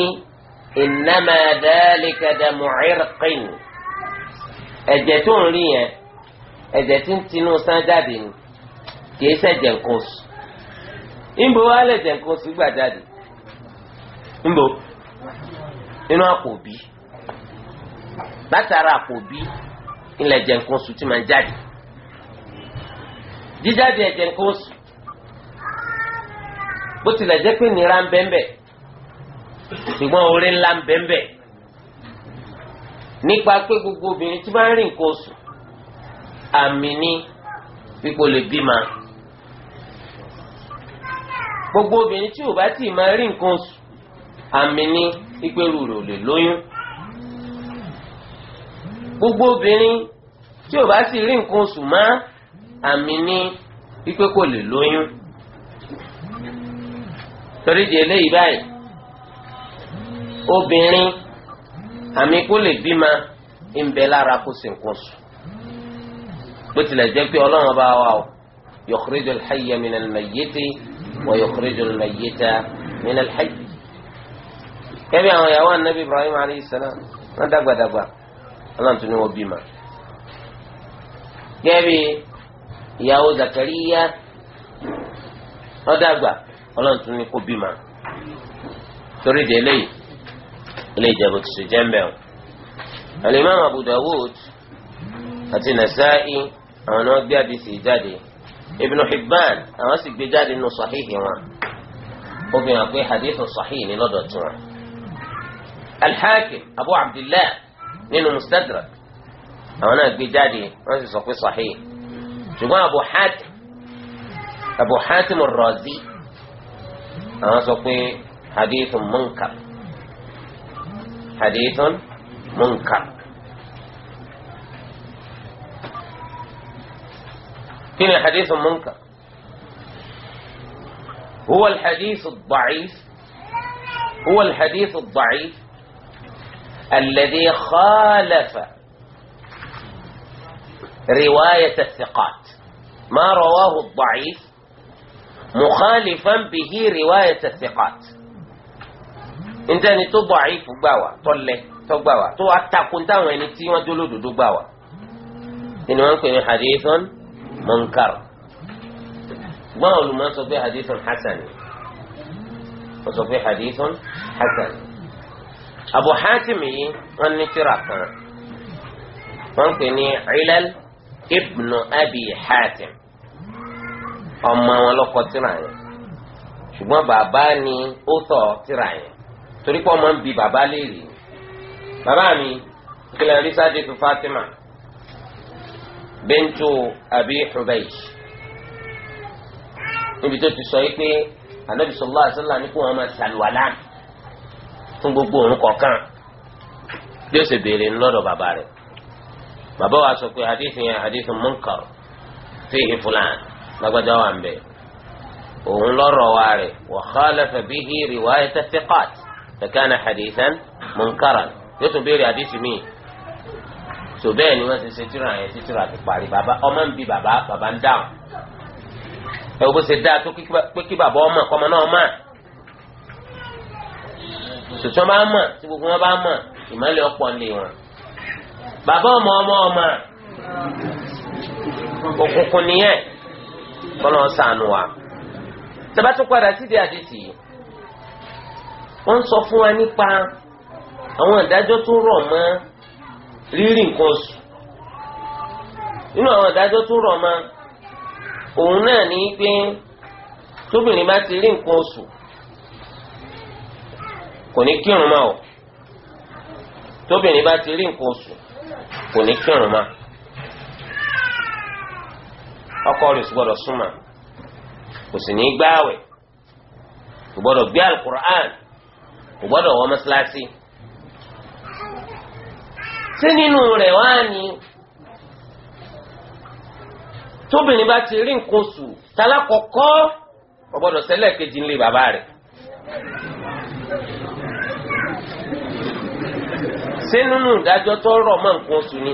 innama dhalika damu irqin ẹ̀jẹ̀ tó ń rí yẹn ẹ̀jẹ̀ tí ń tinú sán jáde ni kì í ṣẹ̀jẹ̀ nǹkan oṣù níbo wá lè nǹkan oṣù gbà jáde níbo nínú àpò bí látara àpò bí ilẹ̀ nǹkan oṣù ti máa jáde jíjáde ẹ̀jẹ̀ nǹkan oṣù bó tilẹ̀ jẹ́ pé nira ń bẹ́ẹ̀ bẹ́ẹ̀ ṣùgbọ́n orí ńlá ń bẹ́ńbẹ́ nípa pé gbogbo obìnrin tí máa ń rìn nǹkan oṣù àmì ní pípò lè bímọ gbogbo obìnrin tí ò bá tì máa rí nǹkan oṣù àmì ní ìgbèrú rò lè lóyún gbogbo obìnrin tí ò bá sì rí nǹkan oṣù má àmì ní ìpè lè lóyún torí di eléyìí báyìí obìnrin àmì kó lè bímọ ń bẹ lára kó sì ń kó sùn bó tilẹ̀ jẹ́ pé ọlọ́run bá wà o yukhrijul hayya minal mayyiti wa yukhrijul mayyita minal hayy. kẹ́bí àwọn ìyàwó anabi ibrahim alayhi salam wọ́n dàgbàdàgbà ọlọ́run tún ní wọ́n bímọ. kẹ́bí ìyàwó zakariya wọ́n dàgbà ọlọ́run tún ní kó bímọ. torí délé yìí ilé ìjẹ̀bù ti ṣe jẹ́ ń bẹ̀rù. alimami abu dawud àti nasa'i àwọn náà gbé àdìsí jáde ibn hibban àwọn sì gbé jáde nínú sahihi wọn ó fi hàn pé hadith sahihi ni lọ́dọ̀ tí wọn. alhakim abu abdillah nínú mustadrak àwọn náà gbé jáde wọ́n sì sọ pé sahihi ṣùgbọ́n abu hatim abu hatim ar àwọn sọ pé hadith munkar. حديث منكر هنا حديث منكر هو الحديث الضعيف هو الحديث الضعيف الذي خالف رواية الثقات ما رواه الضعيف مخالفا به رواية الثقات ntẹni tó bọ̀ àyífù gbà wá tọ́lẹ̀ tó gbà wá tó atakùn táwọn ẹni tí wọ́n dúró dòdò gbà wá ni wọ́n ń pè ní hadithon munkar gbọ́n olùmọ̀ sọ pé hadithon hasan wọ́n sọ pé hadithon hasan abu hatim yìí wọ́n ní tírà kan wọ́n pè ní ilal ibnu abi hatim ọmọ wọn lọ́kọ tírà yẹn ṣùgbọ́n bàbá ni ó tọ̀ tírà yẹn torí pé ọmọ ń bi bàbá léèrè bàbá mi kílẹ̀ rí sáde tu Fatima bintu Abi Hubaysh níbi tó ti sọ yìí pé anabi sallallahu alaihi wasallam ní kó wọn máa ṣàlùwàlá fún gbogbo òun kọ̀ọ̀kan bí ó sì béèrè lọ́dọ̀ bàbá rẹ̀ bàbá wa sọ pé hadith yẹn hadith munkar fihi fulan lágbájá wà ń bẹ òun lọ́rọ̀ wa rẹ̀ wa khalafa bihi riwayat thiqat lakana hadithan munkaran yóò tún béèrè àdìsí mi so bẹ́ẹ̀ ni wọ́n ti ṣe tíra yẹn tí tíra ti parí bàbá ọmọ ń bi bàbá bàbá ń dáhùn ẹ bó ṣe dáa tó pé kí bàbá ọmọ kọ́mọ náà mọ̀ tòtún bá mọ̀ tí gbogbo wọn bá mọ̀ ìmọ̀lẹ̀ ọ̀pọ̀ ń lè wọn bàbá ọmọ ọmọ ọmọ òkùnkùn nìyẹn kọ́nà ọ̀sán wa tẹ́bátú padà sídìí àdìsí yìí. wọ́n sọ fún wa nípa àwọn ìdájọ́ tó rọ̀ mọ́ rírì nǹkan oṣù nínú àwọn ìdájọ́ tó rọ̀ mọ́ òun náà ní pé tóbìnrin bá ti rí nǹkan oṣù kò ní kírun mọ́ ọ tóbìnrin bá ti rí nǹkan oṣù kò ní kírun mọ́ ọkọ rẹ̀ sì gbọ́dọ̀ súnmọ́ kò sì ní gbààwẹ̀ kò gbọ́dọ̀ gbé alukur'an. kò gbọ́dọ̀ wọ mọ́sálásí tí nínú rẹ̀ wá ní tóbìnrin bá ti rí nǹkan oṣù tálákọ̀ọ́kọ́ kò gbọ́dọ̀ ṣẹlẹ̀ kejì ńlẹ̀ bàbá rẹ̀ ṣé nínú ìdájọ́ tó rọ̀ mọ́ nǹkan oṣù ni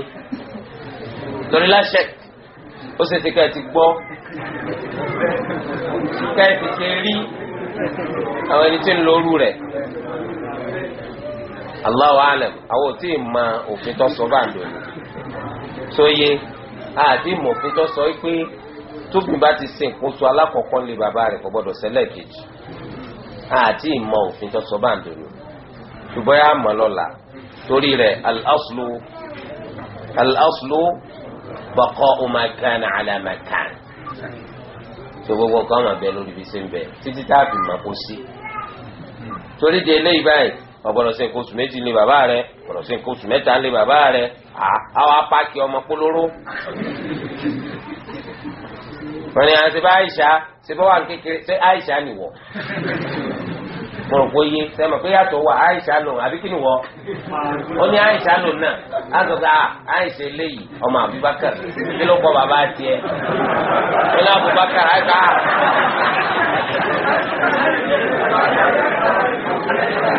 torí láṣẹ ó ṣe ti ká ti gbọ́ ká ẹ ti ṣe rí àwọn ẹni tí ń lo orú rẹ̀. Allahu alam àwọn ò tí ì mọ òfin tó sọ báńdò ni sóye àti mòfin tó sọ pé tóbi bá ti sin nǹkan oṣù alákọ̀ọ́kọ́ lé bàbá rẹ̀ kò gbọ́dọ̀ ṣẹlẹ̀ kejì àti ìmọ̀ òfin tó sọ báńdò ni ṣùgbọ́n yà á mọ̀ lọ́la torí rẹ̀ al-aslu al-aslu baqa'u tó gbogbo nǹkan máa bẹ lórí ibi sí títí tá a fi mọ̀ kó sí torí de eléyìí báyìí ọgbọ́dọ̀ ṣe nǹkan oṣù méjì lé bàbá rẹ ọgbọ́dọ̀ ṣe nǹkan oṣù mẹ́ta lé bàbá rẹ àwọn apáàkì ọmọ polówó. wọ́n ní àti bá àìsà ṣe bá wà kékeré ṣe àìsà nìwọ. mo rò pé yé sẹ́mi yàtọ̀ wà àìsà lò àbí kí ni wọ́ ó ní àìsà náà á sọ pé àìsà ah, eléyìí ọmọ Abubakar kí ló bàbá tiẹ̀ ó Abubakar àìsà.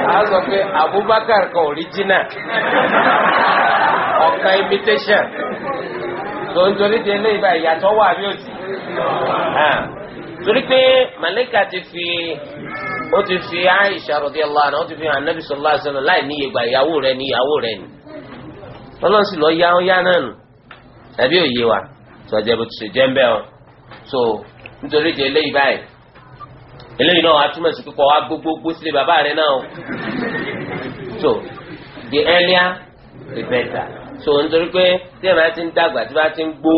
á ah. sọ pé Abubakar kan ọ̀kan imitation torí di eléyìí báyìí yàtọ̀ wà torí pé màlẹ́kà ti fi ó ti fi Aisha radiyallahu anha ó ti fi hàn Nabi sallallahu alaihi wasallam láì níye gba ìyàwó rẹ̀ ní ìyàwó rẹ̀ ni ọlọ́run sì lọ yá ó yá náà nù tàbí òye wa sọjẹ bó ti ṣe jẹ́ ń bẹ́ ọ so nítorí jẹ eléyìí báyìí eléyìí náà wàá túmọ̀ sí kíkọ́ wa gbogbogbò sílé bàbá rẹ̀ náà so the earlier the better so nítorí pé tí ẹ̀ bá ti ń dàgbà tí bá ti ń gbó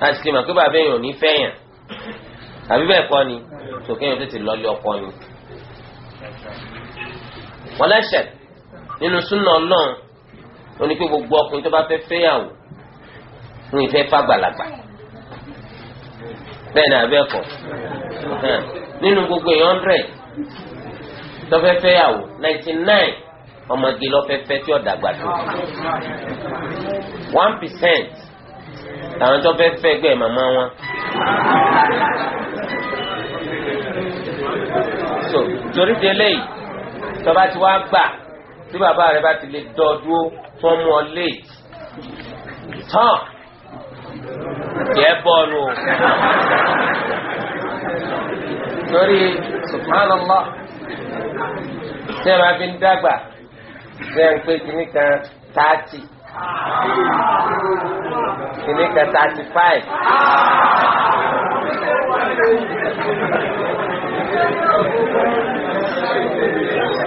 láti lè mọ̀ pé bàbá èèyàn ò ní fẹ́yàn àbí bẹ́ẹ̀ kọ́ ni sòkè yẹn tètè lọ́lé ọkọ yẹn. wọ́n lẹ́sẹ̀ nínú súnà ọlọ́run ó ní pé gbogbo ọkùnrin tó bá fẹ́ fẹ́yàwó ń fẹ́ fàgbàlagbà bẹ́ẹ̀ ni àbẹ́ kọ́ nínú gbogbo èèyàn hundred tó fẹ́ fẹ́yàwó ninety nine ọmọge lọ́fẹ́fẹ́ tí ó dàgbà tó one percent àwọn tó fẹ́ fẹ́ gbẹ́ màmá wọn. so torí di eléyìí tọba ti wá gbà tí bàbá rẹ bá ti lè dọ́ dúró tó mú tán jẹ́ bọ́ọ̀lù o. torí subhanallah tẹ́ ẹ máa fi ń dàgbà tẹ́ ẹ ń pé kínní kan tààtì kìíní kan thirty five.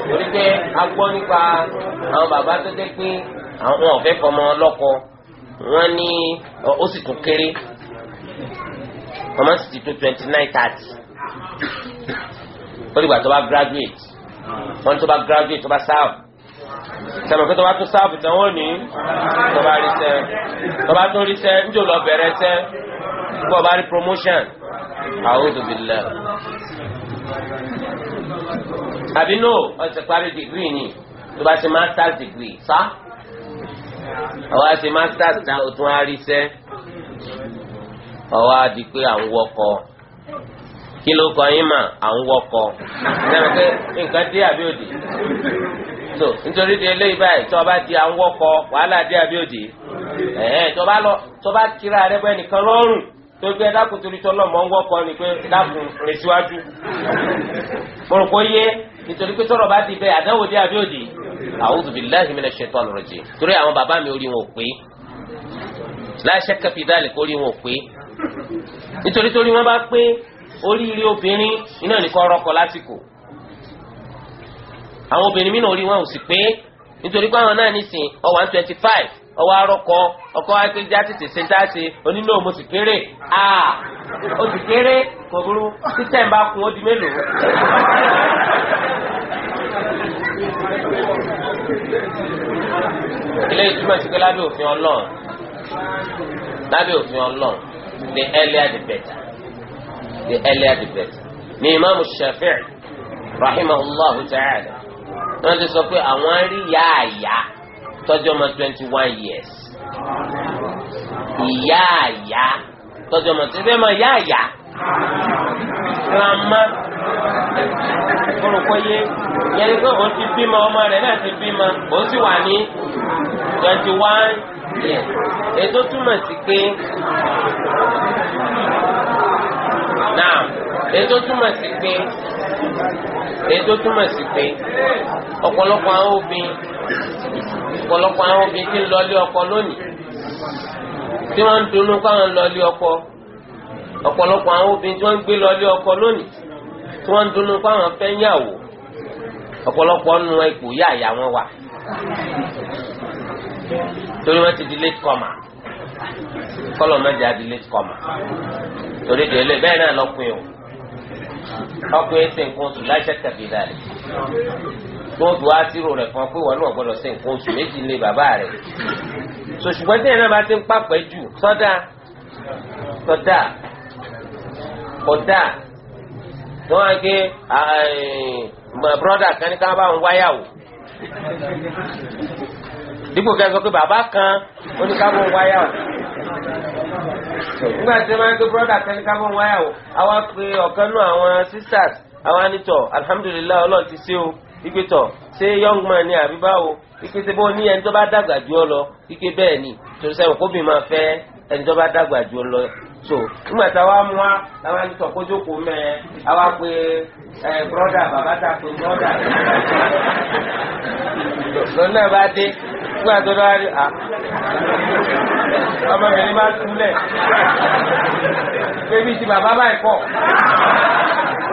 torí pé a gbọ́ nípa àwọn bàbá tó dé pé àwọn ọ̀fẹ́ fọmọ ọlọ́kọ wọ́n ní ó sì tún kéré ọmọ sì ti tó twenty nine thirty ó dìgbà tó bá graduate wọ́n tó bá graduate tó bá sáà sẹ́mi pé tọ́ba tó sáàbù tán wọ́n ní tọ́ba rí sẹ́ tọ́ba tó rí sẹ́ níjò lọ bẹ̀rẹ̀ sẹ́ kó ọba rí promotion a'udhu billah. àbí no ọ̀sẹ̀ parí dìgírì ni tó bá ṣe masters degree sá ọ̀wá ṣe masters náà ó tún á rí sẹ́ ọ̀wá di pé à ń wọkọ̀ kí ló kọ yín mà à ń wọkọ̀ sẹ́mi pé nǹkan dé àbí òdì so nítorí di eléyìí báyìí tó o bá di àwọn ọkọ wàhálà dé àbíòjì ẹ̀ẹ́n tó o bá lọ tó o bá kíra rẹ bọ́ ẹnìkan lọ́rùn tó gbé dákun torí tó lọ́ mọ́ ń wọ́kọ ni pé dákun rìn síwájú mo rò pé yé nítorí pé tọrọ bá di bẹ́ẹ̀ àdánwò dé àbíòjì a'udhu billahi minash shaitanir rajim torí àwọn bàbá mi orí wọn pé la shakka fi dhalik orí wọn ò pé nítorí torí wọn bá pé oríire obìnrin iná nìkan rọkọ lásìkò àwọn obìnrin mìíràn orí wọn ò sì pé nítorí pé àwọn náà nísìn ọwọ́ one twenty five ọwọ́ arọ́kọ ọkọ akéjà tètè ṣe dáṣe onínú òun mo sì kéré a ó sì kéré kò burú títẹ̀ ń bá kun ó di mélòó. ilé ìtumọ̀ sí pé lábẹ́ òfin ọlọ́run lábẹ́ òfin ọlọ́run the earlier the better the earlier the better ni imaamu shafi'i rahimahullahu ta'ala wọ́n ti sọ pé àwọn rí ìyá àyà tọ́jú ọmọ twenty one years ìyá àyà tọ́jú ọmọ tí bẹ́ẹ̀ mọ ìyá àyà grandma olùkọ́yé yẹn ni pé òun ti bímọ ọmọ rẹ̀ náà ti bímọ òun sì wà ní twenty one years ètò túmọ̀ sí pé náà ètò túmọ̀ sí pé èyí tó túmọ̀ sí pé ọ̀pọ̀lọpọ̀ àwọn obìnrin ọ̀pọ̀lọpọ̀ àwọn obìnrin tí ń lọlé ọkọ lónìí tí wọ́n ń dunnú káwọn ń lọlé ọkọ ọ̀pọ̀lọpọ̀ àwọn obìnrin tí wọ́n ń gbé lọlé ọkọ lónìí tí wọ́n ń dunnú káwọn fẹ́ yàwó ọ̀pọ̀lọpọ̀ nu ipò yá àyà wọn wà torí wọ́n ti di late comer kọ́lọ̀ mẹ́jọ á di late comer torí délé bẹ́ẹ̀ náà lọ́kùnrin o ọkùnrin ṣe nǹkan oṣù láṣẹ tàbí dàlẹ tóòtù wá sírò rẹ kan pé wọn náà gbọ́dọ̀ ṣe nǹkan oṣù méjì lé bàbá rẹ sòṣùgbọ́n tí ẹ̀rọ bá ti ń pàpẹ́ jù sọ́dà sọ́dà kọ́dà tí wọ́n á gé brọ́dà kan ní ká bá ń wáyà wò dípò kẹsàn-án pé bàbá kan ó ń wáyà wò nígbà tí wọ́n gbé brọ́dà kẹ́ńtà bọ́ wáyà o àwa pe ọ̀kan náà àwọn sisters àwa nítọ̀ alihamudulilayi ọlọ́run ti ṣe o ike tọ̀ ṣé young man ni àbí báwo ike ṣe bó ní ẹni tó bá dàgbà jù ọ lọ ike bẹ́ẹ̀ ni torí sẹ́wọ̀n kóbì máa fẹ́ ẹni tó bá dàgbà jù ọ lọ so nígbà tá a wá mú wa làwọn ẹni sọkójó kò mẹ a wá pé ẹ broda bàbá ta pé broda lọ́nà bá dé nígbà tó lọ́wọ́ rí a ọmọbìnrin bá túlẹ̀ bébí ti bàbá báyìí pọ̀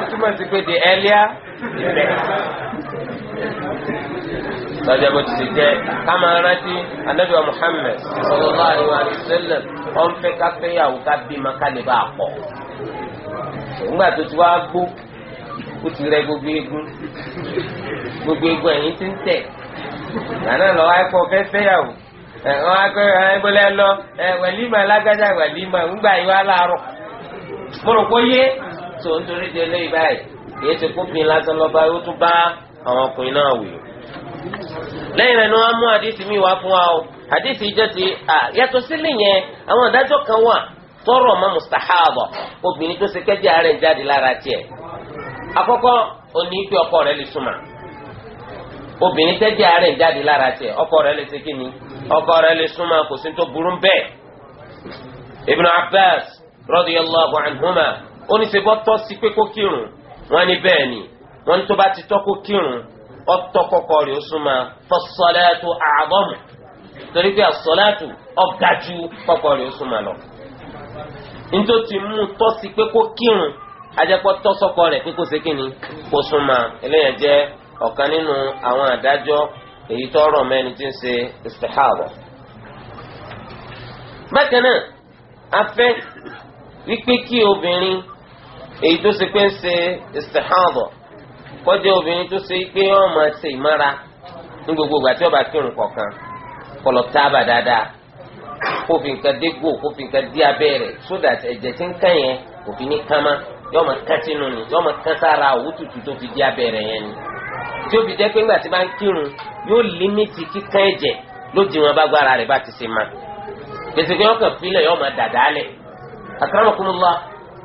ó túmọ̀ sí pé the earlier the better lọ́jọ́ bó ti ti jẹ́ ká máa rántí anabi muhammed sallallahu alaihi wa sallam wọ́n fẹ́ ká fẹ́yàwó ká bímọ ká lè bá a pọ̀ nígbà tó ti wá gbó ó ti rẹ gbogbo egun gbogbo egun ẹ̀yìn ti ń tẹ̀ yàrá lọ́wọ́ ẹ̀kọ́ fẹ́ fẹ́yàwó ẹ̀wọ́n akọ́ ẹ̀bọ́lẹ́ lọ wẹ̀límà lágájá wẹ̀límà ńgbà yìí wà láàárọ̀ mo yé tó ń torí de lé ibà yìí èyí ti kó pin lásán lọ́ba ó tún bá àwọn ọkùnrin náà wì ó lẹ́yìn rẹ̀ ni wọ́n á mú àdìsí mi wá fún wa o àdìsí jẹ́ ti yàtọ̀ sílẹ̀ yẹn àwọn ìdájọ́ kan wà tọrọ ma mustahaba obìnrin tó ṣe kẹ́jẹ́ ara ẹ̀ jáde lára tiẹ̀ àkọ́kọ́ òní pé ọkọ rẹ̀ lè súnmọ́ obìnrin tẹ́jẹ́ ara ẹ̀ jáde lára tiẹ̀ ọkọ rẹ̀ lè ṣe kíni ọkọ rẹ̀ lè súnmọ́ kò sí tó burú bẹ́ẹ̀ Ibn Abbas radiyallahu anhuma ó ní ṣe bọ́ tọ́ sí pé kó kírun wọ́n ní bẹ́ẹ̀ ni wọ́n tó bá ti tọ́ kó kírun ọtọkọkọ rẹ ó súnmọ́ fọsọlẹtù àbọmù torí pé àsọlẹtù ọgájú kọkọ rẹ lọ. nítorí mú tọ́sí pé kó kírun ajẹ́pọ̀ tọ́sọ́kọ rẹ̀ pé kó ṣe kíni kó eléyàn jẹ́ ọ̀kan nínú àwọn àdájọ́ èyí tọrọ mẹ́ni tí ń ṣe istihaba. bákan náà a fẹ́ wípé kí kọjá obìnrin tó ṣe pé wọn máa ṣe ìmára ní gbogbo ìgbà tí wọn bá kírun kọ̀ọ̀kan kọlọ tábà dáadáa kó fi nǹkan dé gò kó fi nǹkan dé abẹ́rẹ́ sódà ẹ̀jẹ̀ tí ń kàn yẹn kò fi ní kán mọ́ yọ máa kán sínú ni yọ máa kán sára òwú tutù tó fi dé abẹ́rẹ́ yẹn ni tí ó fi jẹ́ pé ńgbà tí bá ń kírun yóò límítì kíkán ẹ̀jẹ̀ lódì wọn bá gbára rẹ̀ bá ti ṣe máa gbèsè pé ọkàn filẹ̀ yọ máa dàdá lẹ̀ àkàràmọ̀kúnmọ́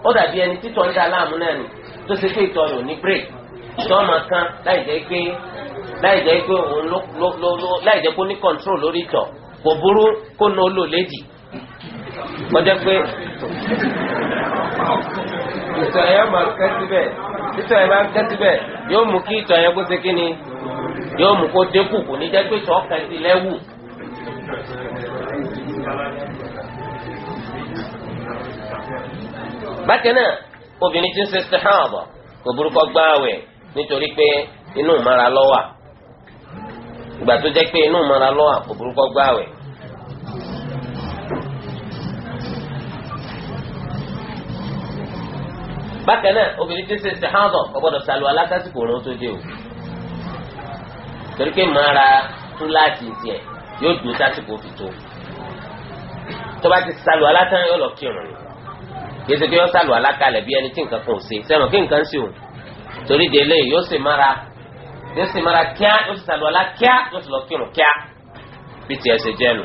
ó dàbí ẹni títọ́ ń dá láàmú náà ni tó ṣe pé ìtọ́ rẹ̀ ò ní bírèkì tọ́ọ̀mà kan láì jẹ́ pé láì jẹ́ pé òun ló ló ló láì jẹ́ pé ní control lórí ìtọ̀ kò burú kó léjì pé ìtọ̀ ẹ̀ máa kẹ́ síbẹ̀ ẹ̀ máa kẹ́ síbẹ̀ yóò mú kí ìtọ̀ kó ṣe kí ni yóò mú kó dínkù kò ní jẹ́ pé lẹ́wù. bákan náà obìnrin ti ń ṣe ṣe hàn kò nítorí pé inú mara lọ́wà ìgbà tó jẹ́ pé inú mara lọ́wà kò burúkọ gbààwẹ̀. bákan náà obìnrin tí ń ṣe ṣèhánzọ̀ ọgbọ́dọ̀ ṣàlùwà lásìkò òun tó dé o torí pé mara tún láti tiẹ̀ yóò dùn sásìkò fi tó tó bá ti ṣàlùwà látàn yóò lọ kírun ni kí ṣàlùwà bí ẹni tí nǹkan kan ò ṣe kí nǹkan ń ṣe òun. torí délé yóò sì mára yóò sì mára kíá yóò sì sàlùwàlá kíá yóò sì lọ kírun kíá bí tiẹ̀ ṣe jẹ́ nu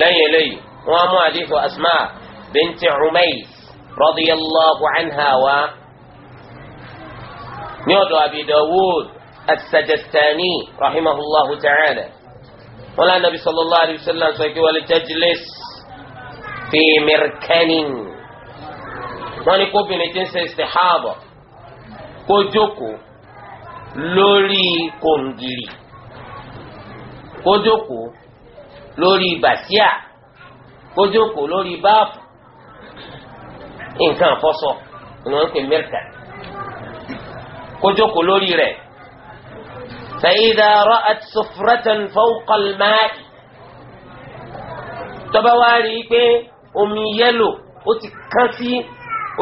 lẹ́yìn eléyìí wọ́n á mú àdínkù asma binti umais radiyallahu anha wa ní ọ̀dọ̀ abi dawud as-sajistani rahimahullahu ta'ala wọn lé anabi sallallahu alayhi wa sallam sọ kí wọlé fi mirkanin wọn ni kóbìnrin ti ń ṣe istihaba kó jókòó lórí kòǹgìrì kó jókòó lórí bàtíà kó jókòó lórí báàfù nǹkan àfọsọ ni wọn ń pè mẹ́ta kó jókòó lórí rẹ̀ fẹ̀yìdà rọ àti sọfúrẹ́tàn fọ́ọ̀kọ̀lmáì tọ́ba wá rí i pé omi yẹ́lò ó ti kán sí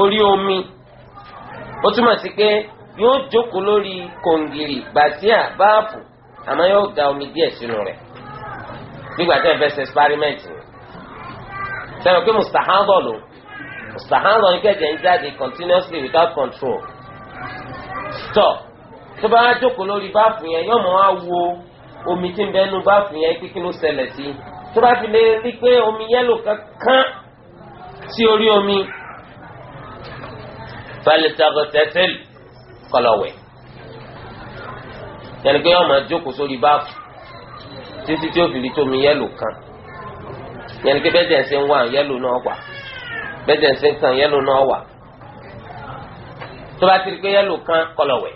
orí omi ó túmọ̀ sí pé yóò jókòó lórí kòǹgìrì bàtíà báàpù àmọ́ yóò da omi díẹ̀ sínú rẹ̀ nígbà tí wọ́n fẹ́ ṣe experiment ni sẹ́wọ̀n pé mustahadọ ló mustahadọ ní kẹ́jẹ̀ ń jáde continuously without control stop tó bá jókòó lórí báàpù yẹn yóò mọ̀ á wo omi tí ń bẹ nu báàpù yẹn pé kí ló ṣẹlẹ̀ sí tó bá fi lè rí pé omi yẹ́lò kankan sí orí omi fẹ́lẹ̀ tàgọ̀tẹ́tẹ́lì kọlọwẹ yẹnni pé yọọ máa jókòó sórí báàfù títí tí ó fi rí tómi yẹlò kan yẹnni pé bẹ́ẹ̀ dẹ̀nsẹ̀ ń wà yẹlò náà wà bẹ́ẹ̀ dẹ̀nsẹ̀ ń kàn yẹlò náà wà tó bá ti rí pé yẹlò kan kọlọwẹ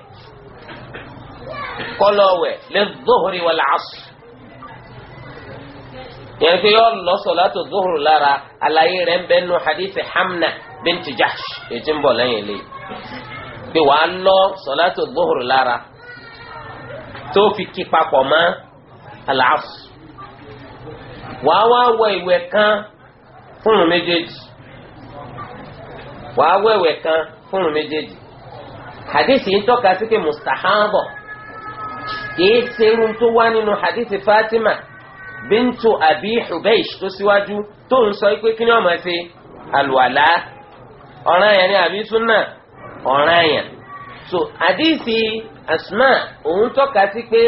kọlọwẹ lè dóhùrí wà láàsù yẹnni pé yọọ lọ sọ̀látù dóhùrù lára àlàyé rẹ̀ ń bẹ́ẹ̀ hadith Hamna bint Jahsh ètí ń bọ̀ lẹ́yìn eléyìí. pé wàá lọ sọ̀látò gbóhùrù lára tó fi kí papọ̀ mọ́ àlàáfù wàá wá wọ ìwẹ̀ kan fúnrún méjèèjì wàá wọ ìwẹ̀ kan fúnrún méjèèjì ń tọ́ka sí pé mustahabo kìí Fatima bintu Abi Hubaysh tó síwájú tó ń sọ pé kí ni wọ́n máa ṣe àlùwàlá ọ̀ràn yẹn ni àbí ọ̀ràn so àdìsí asma òun tọ́ka sí pé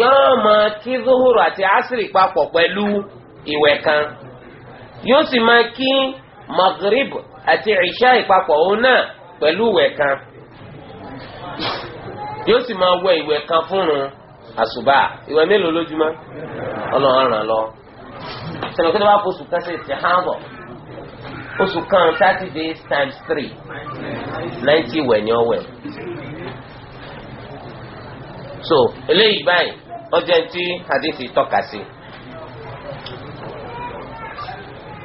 yóò máa kí zuhuru àti asiri papọ̀ pẹ̀lú ìwẹ̀ kan yóò sì máa kí maghrib àti isha ìpapọ̀ òun náà pẹ̀lú ìwẹ̀ kan yóò sì máa wẹ̀ ìwẹ̀ kan fún àṣùbà ìwẹ̀ mélòó lójúmọ́ oṣù kan thirty days times three ninety wẹ̀ ni ọ wẹ̀ so eléyìí báyìí ọjọ́ tí hadith tọ́ka sí.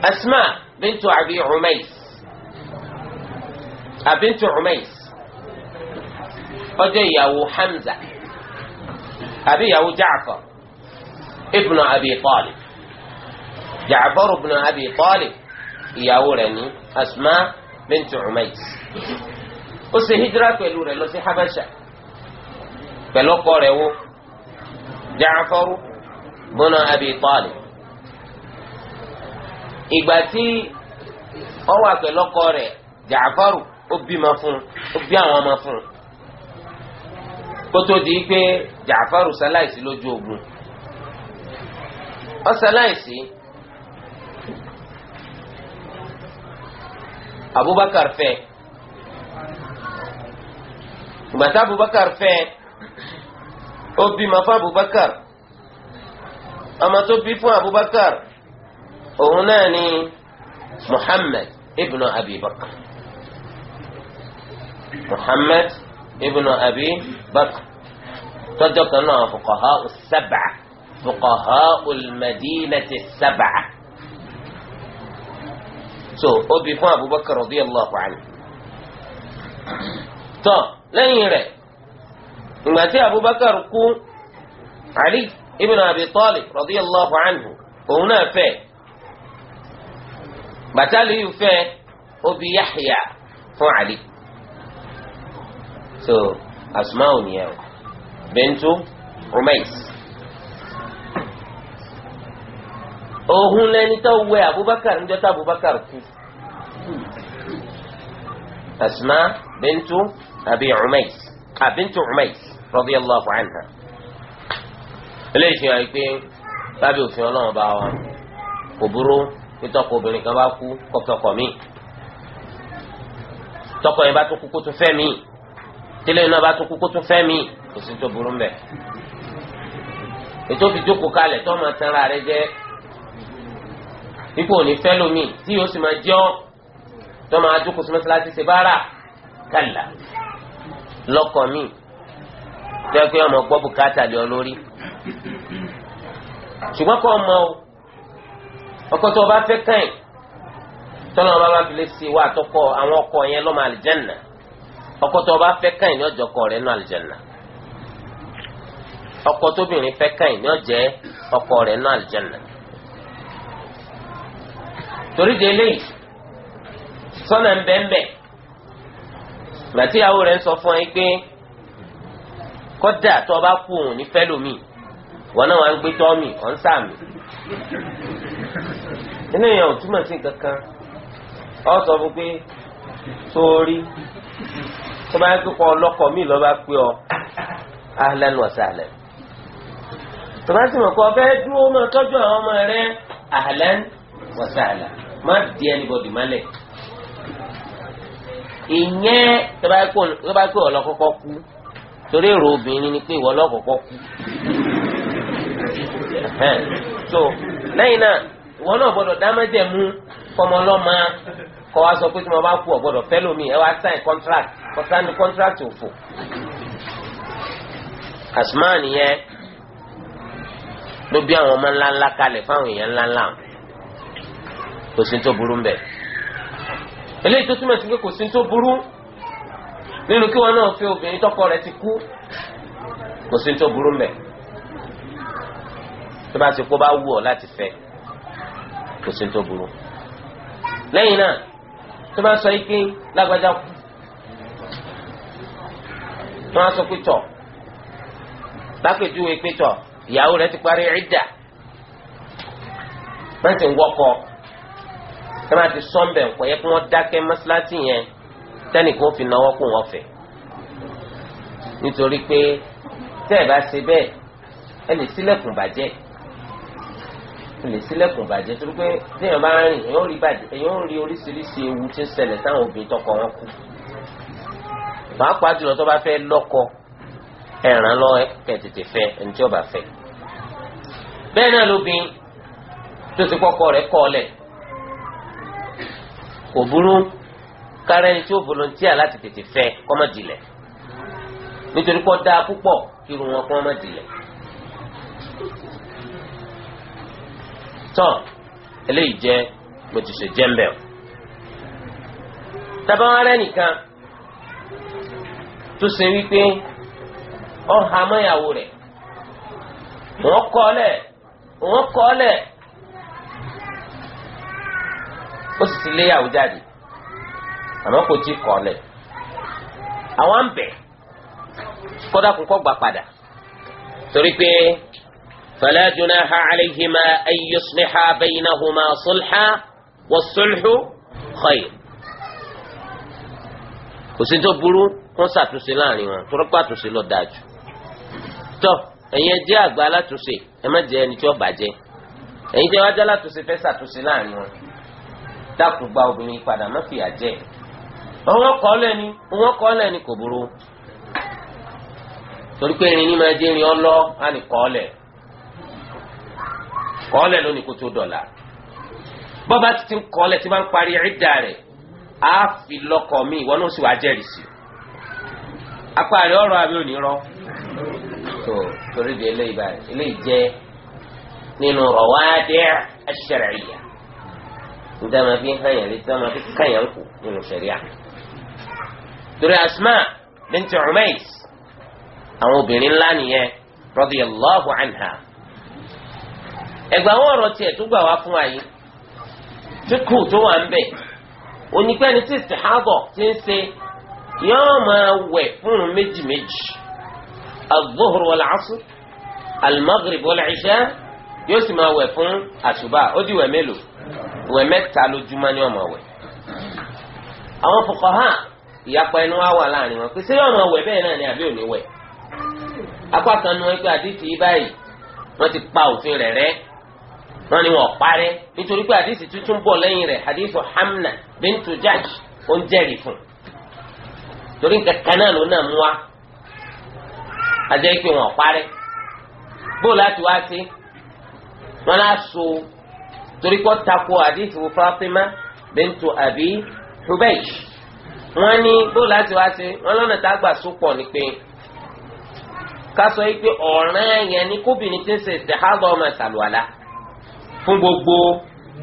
asma bintu abi umais abintu ah, umais ọjọ́ ìyàwó hamza àbí ìyàwó jaafar ibnu abi talib jaafar ibnu abi talib. ìyàwó re ní asma bintu umais ó se hijira pẹ̀lú re lọ sí habasha pẹ̀lú ọkọ rẹ̀ wo jaafaru bọ́nà abi talib ìgbà tí ó wà pẹ̀lú ọkọ rẹ̀ jaafaru ó bímọ fún ó bí àwọn ọmọ fún kótó di pé jaafaru sáláìsì lójú ogun ó sáláìsì. abubakar fẹ́ ìgbàtà abubakar fẹ́ ó ma fún abubakar ọmọ tó bí fún abubakar òun náà ni muhammad ibnu abi bakr muhammad ibnu abi bakr tọjọ kan náà fuqaha as-sab'a fuqaha al-madinati as-sab'a. so ó bí fún abubakar radiyallahu anhu tọ́ lẹ́yìn rẹ̀ ìgbà tí abubakar kú ali ibn abi talib radiyallahu anhu òun náà fẹ́ bàtàlì yìí fẹ́ ó bí yahya fún ali so asmaa ò ní ẹ òhun lẹni tó wẹ abubakar ń jọta abubakar kú asma bintu abi umais abintu umais radiyallahu anha eléyìí fi hàn pé lábẹ́ òfin ọlọ́run bá wa kò burú nítọ́kọ obìnrin kan bá kú kọ́kọ́kọ́ mi tọkọ yẹn bá tó kú kó tún fẹ́ mi tílé náà bá tó kú tún fẹ́ mi kò sí tó burú mbẹ ètò ìjókòó kalẹ̀ tó ọmọ tẹ́ra rẹ jẹ́ ipò òní fẹ́ lómi tí yóò sì máa jẹ́ ọ́ tó máa jókòó sí mọ́sálásí ṣe bára kàlà lọ́kọ̀ mi tẹ́ pé ọmọ gbọ́ bùkátà lé ọ lórí ṣùgbọ́n kọ́ ọmọ o ọkọ tó o bá fẹ́ kàn ẹ́ tọ́lọ́ ọba bá fi lè ṣe wá àtọ́kọ àwọn ọkọ yẹn lọ́mọ àlìjẹ́nà ọkọ tó o bá fẹ́ kàn ẹ́ ní ọjọ́ kọ rẹ̀ nù àlìjẹ́nà ọkọ tóbìnrin fẹ́ kàn ẹ́ ní ọjẹ́ ọkọ rẹ̀ nù àlìjẹ́nà torí de eléyìí sọ́nà ńbẹ́ńbẹ́ gbàtí ìyàwó rẹ̀ ń sọ fún ẹ pé kọ́dà tó o bá kú òun ní fẹ́lòmíì wọn náà wà ń gbé tọ́mì ọ̀n sàmì nínú èèyàn ò túmọ̀ sí kankan ọ sọ fún pé sórí tó bá ń kíkọ ọlọ́kọ̀ míì lọ́ba pé ọ ahlan wa sahlan tó bá sì mọ̀ pé ọ fẹ́ dúró mọ́ tọ́jú àwọn ọmọ rẹ ahlan wa sahlan má di anybody mọ́lẹ̀ ìyẹn tó bá pé ọlọ́kọ́kọ́ kú torí èrò obìnrin ni pé ìwọ ọlọ́kọ́kọ́ kú so lẹ́yìn náà ìwọ náà gbọ́dọ̀ dámẹ́jẹ̀ mú fọmọ ọlọ́mọ kọ́ wa sọ pé tí mo bá kú ọ gbọ́dọ̀ fẹ́ lómi ẹ wá sign contract contract ni contract òfò asmaa nìyẹn ló bí àwọn ọmọ ńláńlá kalẹ̀ fáwọn èèyàn ńláńlá kò sí tó burú mbẹ eléyìí tó túmọ̀ sí pé kò sí tó burú nínú kí wọn náà fi obìnrin tọkọ rẹ̀ ti kú kò sí tó burú mbẹ tó bá ti kó bá wù ọ láti fẹ́ kò sí tó burú lẹ́yìn náà tó bá sọ ike lágbájá kú wọn á sọ pé tọ lápèjúwe pé tọ ìyàwó rẹ̀ ti parí ìdà wọn ti ń wọkọ ẹ máa ti sọ́ńbẹ̀ nǹkan yẹ kí wọ́n dákẹ́ mọ́sálásí yẹn tẹ́nìkan ó fi náwó kó wọn fẹ̀ nítorí pé tẹ́ ẹ bá ṣe bẹ́ẹ̀ ẹ lè ṣílẹ̀kùn bàjẹ́ ẹ lè ṣílẹ̀kùn bàjẹ́ torí pé téèyàn bá rìn èèyàn rí bàjẹ́ èèyàn rí oríṣiríṣi ewu tí ń ṣẹlẹ̀ sáwọn obìnrin tọkọ wọn kú pàápàá jùlọ tó bá fẹ́ lọ́kọ ẹ̀ràn lọ kẹ̀ tètè fẹ́ ẹni tí ó bá fẹ́ bẹ́ẹ̀ náà lóbin tó ti kọ́kọ́ rẹ̀ kọ́ ọ lẹ̀ kò burú kárẹ́ni tí ó volunteer láti tètè fẹ́ kọ́mọ̀dìlẹ̀ nítorí pọ́ dáa púpọ̀ kí irun wọn kọ́mọ̀dìlẹ̀. tán eléyìí jẹ́ gbòtìṣe jẹ́ńbẹ̀ o. tabawọn rẹ nìkan tó ṣe wípé ọ̀hàmọ́yàwó rẹ̀ wọ́n kọ́ lẹ̀ wọ́n kọ́ lẹ̀. ó sì ti léyàwó jáde àmọ́ kò tí kọ́ lẹ̀ àwọn à ń bẹ̀ kódà kún kọ́ gbà padà torí pé fala junaha alayhima an yusliha baynahuma sulha was-sulhu khayr kò sí tó burú kó ṣàtúnṣe láàrin wọn tó rọ́pò àtúnṣe lọ dáa jù tọ́ ẹ̀yin àgbà alátúnṣe ẹ má jẹ́ ẹni tí ó bàjẹ́ ẹ̀yin tí wọ́n á jẹ́ alátúnṣe láàrin wọn. dákun gba obìnrin padà má fìyà jẹ wọn kọ lẹni wọn kọ lẹni kò burú torí ní ọlọ á ní kọ lẹ kọ lẹ lónìí kó tó dọ̀là bọ́ba ti ń kọ lẹ ti máa ń parí rẹ á fi mi ìwọ náà sì wá apá tó torí di eléyìí báyìí eléyìí nínú níta máa fi hàn yàn létí wọn máa fi kàn yàn kù nínú ṣẹ̀ríà torí asma binti umais àwọn obìnrin ńlá nìyẹn radiyallahu anha ẹgbà wọn ọ̀rọ̀ tiẹ̀ tó gbà wá fún wa yìí tí kù tó wà ń bẹ onígbẹni tí ìsìnkábọ ti ń ṣe yọọ máa wẹ̀ fún méjì méjì al-zuhur wal-asr al-maghrib yóò sì máa wẹ̀ fún àṣùbà ó di wẹ̀ mélòó. ìwẹ̀ mẹ́ta lójúmọ́ ní ọmọ wẹ̀ àwọn fuqaha ìyapa ẹnu wa wà láàrin wọn pé ọmọ wẹ̀ bẹ́ẹ̀ náà ni àbí òní wẹ̀ apá kan nu ẹgbẹ́ àdìsí yìí wọ́n ti pa òfin rẹ̀ rẹ́ wọ́n ní wọ́n parẹ́ nítorí pé àdìsí tuntun bọ̀ lẹ́yìn rẹ̀ àdìsí Hamna bintu Jaj ó ń jẹ́rìí fún torí nǹkan kan náà ló náà mú wa àjẹ́ pé torí kọ́ tako àdìsí Fatima bintu Abi Hubaysh wọ́n ní bó láti wá sí wọ́n lọ́nà tá a gbà sopọ̀ ni pé ká sọ yìí pé ọ̀ràn yẹn ni kóbìnrin ti ń ṣe ìsèhálà ọmọ ìsàlùwàlà fún gbogbo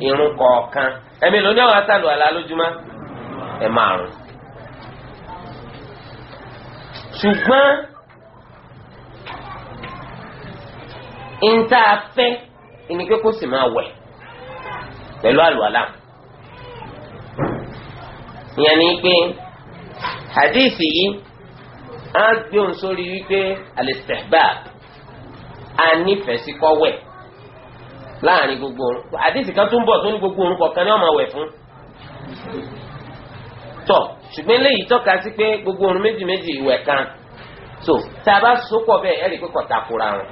irun kọ̀ọ̀kan ẹ̀mí lóní àwọn ìsàlùwàlà lójúmọ́ ẹ̀ márùn. ṣùgbọ́n ìta ìníkẹ́kọ̀ọ́ sì máa wẹ̀ pẹ̀lú àlùwàlà ìyẹn ni pé hadith yìí á gbé òun sórí wípé alistihbab á nífẹ̀ẹ́ sí kọ́wẹ̀ láàrin gbogbo orun hadith kan tó ń bọ̀ tó ní gbogbo orun kọ̀ọ̀kan ni wọ́n máa wẹ̀ fún tọ̀ ṣùgbọ́n eléyìí tọ́ka sí pé gbogbo orun méjì méjì ìwẹ̀ kan so tá a bá sopọ̀ bẹ́ẹ̀ ẹ̀rí pé kò takora wọn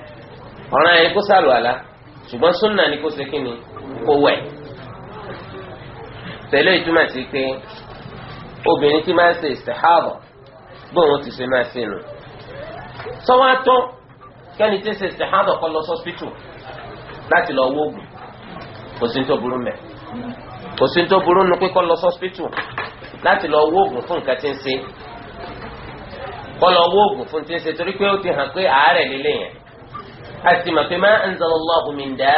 ọ̀ràn ẹni kó sàlùwàlà ṣùgbọ́n súnà ni kó ṣe kí ni kó wẹ̀ tẹ̀lé ìtumọ̀ sí pé obìnrin tí máa ń ṣe ìsèhábọ̀ bóun ti ṣe máa ṣe nù. sọ́wọ́n á tó kẹ́ni tí ń ṣe ìsèhábọ̀ kọ́ lọ sọ́sítù láti lọ wó oògùn kò sí ní tó burú mẹ́ kò sí ní tó burú nu pé kọ́ lọ sọ́sítù láti lọ wó oògùn fún nǹkan tí ń ṣe kọ́ lọ wó oògùn fún tí ń ṣe torí pé ó ti hàn pé àárẹ̀ lélẹ̀ yẹn a sì mọ̀ pé ma anzala Allahu min da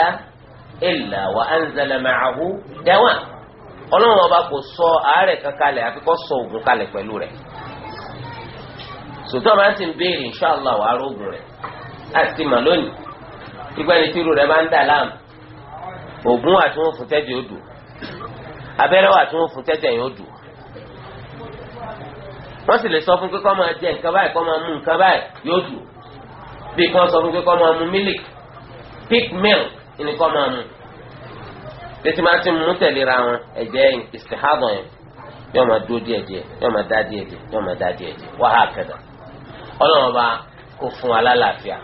illa wa anzala ma'ahu dawa. ọlọ́run ọba kò sọ àárẹ̀ kan kalẹ̀ àfi kó sọ ògùn kalẹ̀ pẹ̀lú rẹ̀ sòtọ́ máa ti ń béèrè inṣàlá wàá rógùn rẹ̀ àti mà lónìí ìgbà ní tìrú rẹ̀ máa ń dà wà tí wọ́n fún tẹ́jẹ̀ ó dùn abẹ́rẹ́ wà tí wọ́n fún tẹ́jẹ̀ yẹn ó dùn wọ́n sì lè sọ fún pé máa jẹ nǹkan báyìí máa mú nǹkan báyìí yóò dùn bí tètè máa ti mú tẹ̀léra wọn ẹ̀jẹ̀ ìsìkádọ̀ yẹn yóò máa dúró díẹ̀ díẹ̀ yóò máa dá díẹ̀ díẹ̀ yóò máa dá díẹ̀ díẹ̀ wàhálà kẹta ọlọ́run ọba fún wa lálàáfíà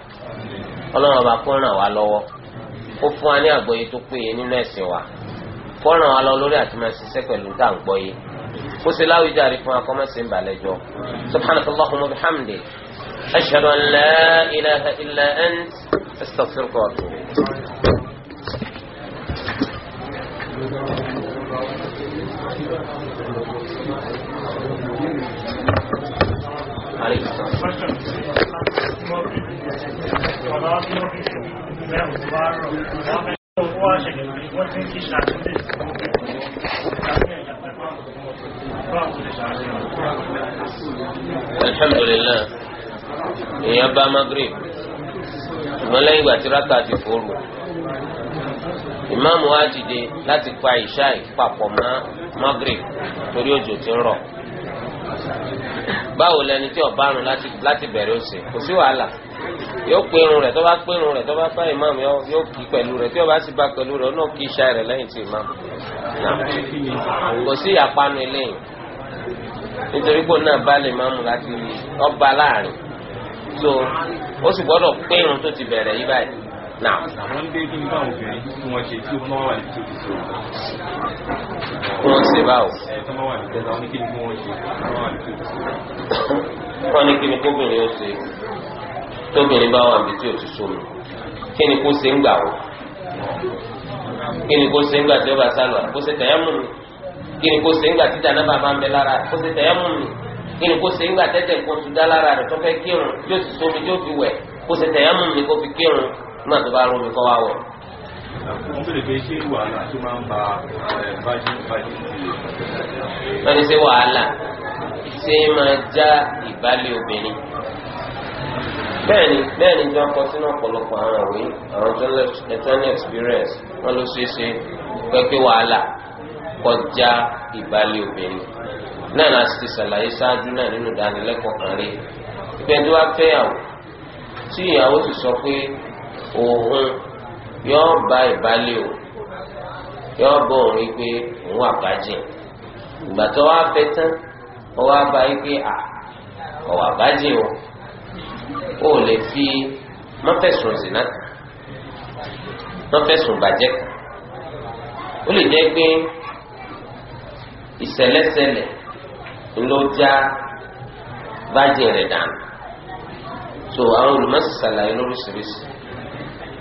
ọlọ́run ọba ràn wá lọ́wọ́ fún wa ní àgbọ́yé tó péye nínú ẹ̀sìn wa kó ràn wá lọ lórí àti máa ṣiṣẹ́ pẹ̀lú tá à ń wa ń الحمد لله يا با مغرب ملائكه ترى ìmáàmù wa dìde láti pa ìṣá ìpapọ̀ mọ́ Maghrib torí òjò ti ń rọ̀ báwo lẹni tí ọ̀bárun láti bẹ̀rẹ̀ ọ̀sẹ̀ kò sí wàhálà yóò pérun rẹ̀ tó bá pérun rẹ̀ tó bá fẹ́ ìmáàmù yóò kí pẹ̀lú rẹ̀ tí ó bá sì bá pẹ̀lú rẹ̀ ó náà kí ìṣá rẹ̀ lẹ́yìn tí ìmáàmù kò sí ìyàpánu eléyìí nítorí pé náà bá lè máa mú láti ọba láàrin so ó sì gbọ́dọ̀ pé irun tó ti bẹ̀rẹ̀ yí báyìí náà. àwọn dé kí n bá obìnrin tí wọ́n ṣe tí ó máa wà ní tó fi sọ̀rọ̀. kí wọ́n ṣe báwo. ẹ tó máa wà ní tẹ́lá ní kí ni wọ́n ṣe tó máa wà ní tó fi sọ̀rọ̀. wọ́n ní kí ni kóbìnrin ó ṣe tóbìnrin bá wà níbi tí ò ti sọ̀rọ̀ kí ni kó ṣe ń gbà wọ́ kí ni kó ṣe ń gbà tí ó bá sálọ kó ṣe tẹ̀yẹ́ mú mi kí ni kó ṣe ń gbà tí jànábà máa ń bẹ lára kó ṣe tẹ̀yẹ́ mú mi kí ni kó ṣe ń gbà tẹ́tẹ̀ nǹkan tún dá lára rẹ̀ tó fẹ́ kírun yóò ti sómi yóò fi wẹ̀ kó ṣe tẹ̀yẹ́ mú mi kó fi kírun náà tó bá rún mi kọ́ wá wọ̀. Eh, wọ́n ní ṣe wàhálà ṣé máa já ìbálẹ̀ obìnrin bẹ́ẹ̀ni bẹ́ẹ̀ni jọ kọ sínú ọ̀pọ̀lọpọ̀ àwọn òwe àwọn journey experience wọn ló ṣe é ṣe pẹpẹ wàhálà kọjá ìbálẹ̀ obìnrin náà la ti ṣàlàyé ṣáájú náà nínú ìdánilẹ́kọ̀ọ́ kan rí ìpẹjọ wa fẹ́yàwó tí ìyàwó sì sọ pé òun yóò bá ìbálẹ̀ o yóò bọ̀ òun wípé òun ìgbà tó wá fẹ́ tán bá abá wípé à ọ̀wọ́ àbájì o ó lè fi mọ́fẹ̀sùn zìnnà mọ́fẹ̀sùn bàjẹ́ kan ó lè jẹ́ pé ìṣẹ̀lẹ̀ṣẹlẹ̀ ló já bàjẹ́ rẹ̀ dànù so àwọn olùmọ̀sí lóríṣiríṣi.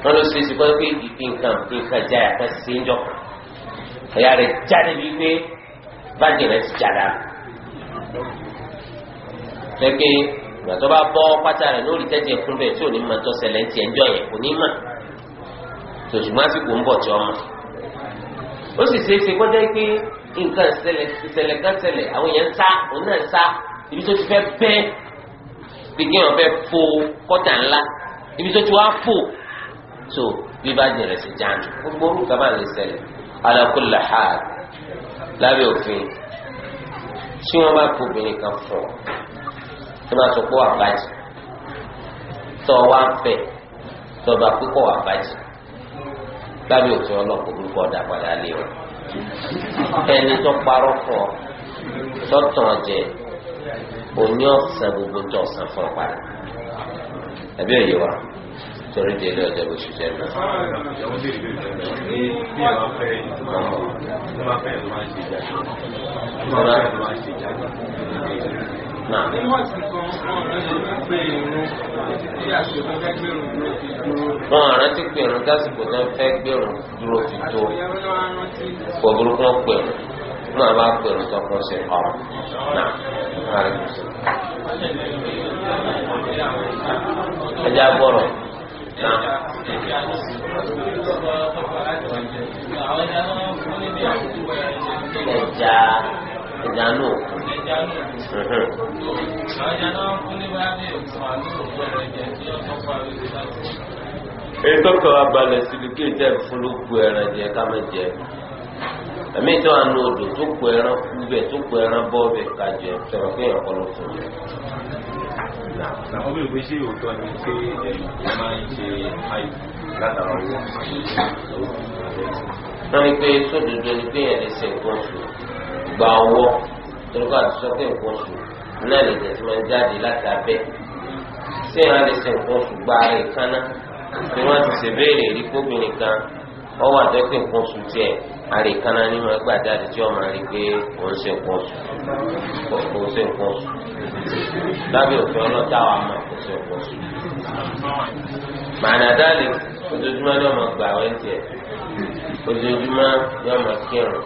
wọn ló ṣe ṣe pé ìpín nǹkan ìpín nǹkan já yàtọ̀ sí ń jọ ẹ̀yà jáde bíi pé báńkì rẹ̀ ti jàdá lẹ́gbẹ́ ìgbà tó bá bọ́ pátá rẹ̀ lórí tẹ́tí ẹ̀kún bẹ́ẹ̀ tí ò ní mọ̀ tó ṣẹlẹ̀ ń tiẹ̀ ń yẹn kò ní mọ̀ tòṣùgbọ́n àsìkò ń bọ̀ tí ọ mọ̀ ó sì ṣe é ṣe kọ́ pé nǹkan ṣẹlẹ̀ ṣẹlẹ̀ kan ṣẹlẹ̀ àwọn èèyàn sá òun náà sá ibi tó ti fẹ́ bẹ́ẹ̀ gbẹ̀gẹ́ wọn fẹ́ fo kọ́tà ńlá ibi tó ti wá fò so bí jẹrẹ sí jáàmù gbogbo orúkọ máa lè ṣẹlẹ̀ alákùlà ha lábẹ́ òfin tí wọn bá kó obìnrin kan fọ tí wọn sọ pé wà bàjẹ́ tọ wá fẹ́ tọba pípọ wà bàjẹ́ lábẹ́ òfin ọlọpàá orúkọ ọdà padà lé wọn ẹni tó parọ́ fọ tọtàn jẹ òní ọsàn gbogbo tó ọsàn fọ padà ẹbí ẹ yé wa torí di ilé ọjọ́ bó ṣe jẹ́ náà. ìyàwó lè rí bẹ́ẹ̀ ní bí ẹ bá fẹ́ ìtumọ̀ tó bá fẹ́ ìtumọ̀ ṣe ìjà tó bá fẹ́ ìtumọ̀ ṣe ìjà tó náà. níwọ̀n ti kan ọ̀rọ̀ yìí pé irun tí àsìkò fẹ́ gbèrò dúró fi dúró. wọn àrántí pé irun tásìkò náà fẹ́ gbèrò dúró fi tó pọ̀ burúkú wọn pè rún náà bá pè rún tọkàn sí ọ̀rọ̀ náà wọn àrẹ kùsùn. ẹja gbọ́rọ̀. ẹja ẹja nù. ẹja nù. ẹja náà fún kí ọkọ̀ fún àmì òkú ẹran jẹ ká má jẹ ẹ̀mí odò tó ẹran kú bẹ̀ tó ẹran bọ́ bẹ̀ kọ́ ló fún un. na bèèrè pé ṣé òótọ́ ni pé ẹ eh, máa ń ṣe ayò látara owó wọ́n ní pé sódodo ni pé yẹn lè ṣe nǹkan oṣù gba ọwọ́ torípé àti sọ pé nǹkan oṣù náà lè tẹ̀sí máa ń jáde láti abẹ́ ṣé yẹn lè ṣe nǹkan oṣù gba ara ìkànnà ni wọ́n ti ṣèbéèrè rí kóbìnrin kan ọwọ́ àtẹ́kùn nǹkan oṣù tiẹ̀ àríkànnà ni wọn gbà jáde tí ọmọ rí pé òun ṣe nǹkan òun ṣe nǹkan oṣù òfin ọlọ́tà wa mọ̀ kò ṣe nǹkan oṣù. màánà ojoojúmọ́ ni ọmọ gbà wẹ́ tiẹ̀ ojoojúmọ́ ni ọmọ kírun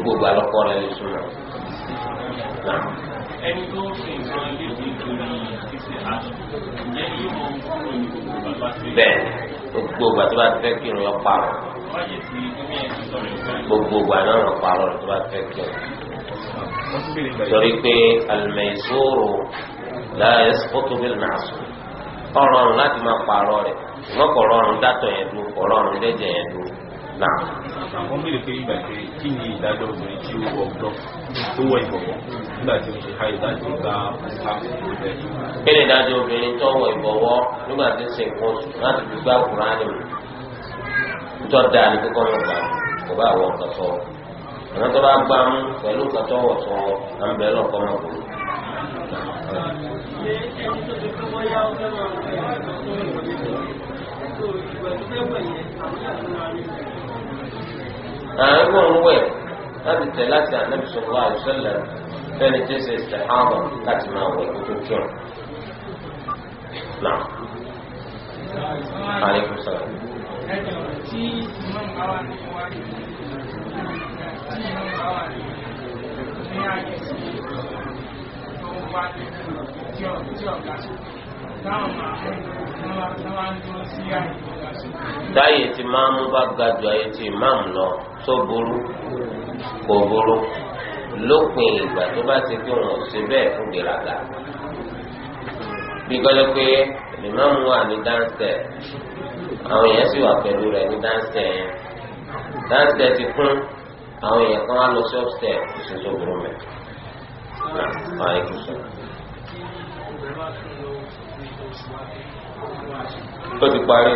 gbogbo àlọ́kọ́ rẹ̀ lè súnmọ́. ẹni tó ń fi nǹkan lè di torí bẹ́ẹ̀ gbogbo ìgbà tó bá fẹ́ kí irun yọ parọ́ gbogbo ìgbà náà lọ parọ́ tó bá fẹ́ kí irun torí pé al-maysuru la yasqutu bil-ma'sur ọ̀rọ̀ láti máa parọ́ rẹ̀ ṣùgbọ́n kọ̀ ọ̀rọ̀ yẹn dúró kọ̀ ọ̀rọ̀ yẹn dúró náà wọ́n bèèrè pé ìgbà pé kí ni ìdájọ́ obìnrin tí ó wọ ọ̀dọ́ tó wọ ìbọ̀wọ̀ nígbà tí ó ṣe ká ìdájọ́ bá ọ̀pá ìbọ̀wọ̀. kí ni ìdájọ́ obìnrin tó wọ ìbọ̀wọ̀ nígbà tí ó ṣe nǹkan oṣù láti fi gbá kúránì mu tó da ní kókó wọn gbà kó bá wọ ọkàn sọ àwọn tó bá gbà mú pẹ̀lú ọkàn tó wọ̀ sọ à ń bẹ kúrò. Thank you àwọn ọmọ wẹ̀ láti tẹ̀ láti ànábì sallallahu alaihi wasallam fẹ́ni tí ń ṣe ìṣẹ̀háàmọ̀ láti máa wẹ̀ kó tó kí Náà, àlékún sọ̀rọ̀. Tí ìmọ̀ ń bá wà ń bá wà ní ní tí ọ̀gá sókè táyé tí máa mú bá ga ju ayé tí ìmáàmù lọ tó burú kò burú lópin ìgbà tó bá ti pé wọn ò ṣe bẹ́ẹ̀ fún gbèrágà bí gbọ́dọ̀ pé ìmáàmù wà ní dáńsẹ̀ àwọn èèyàn sì wà pẹ̀lú rẹ̀ ní dáńsẹ̀ yẹn dáńsẹ̀ ti kún àwọn èèyàn kan á lọ sí ọ̀sẹ̀ ìṣòṣò burú mẹ́ ó ti parí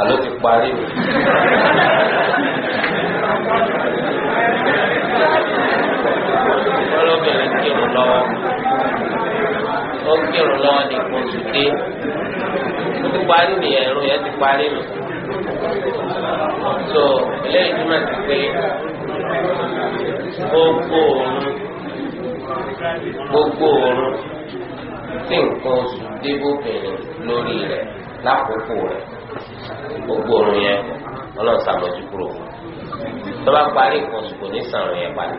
àló ti parí o. ọlọ́bìnrin kírun lọ́wọ́ ó kírun lọ́wọ́ ní oṣù dé ó ti parí nìyẹn irun yẹn ti parí nù. so eléyìí túmọ̀ sí pé gbogbo òórùn gbogbo òórùn. tí nǹkan oṣù débòbìnrin lórí rẹ̀ lákòókò rẹ̀ gbogbo oorun yẹn ọlọ́run sàmójú kúrò fún tó bá parí nǹkan oṣù kò ní sàrùn yẹn parí.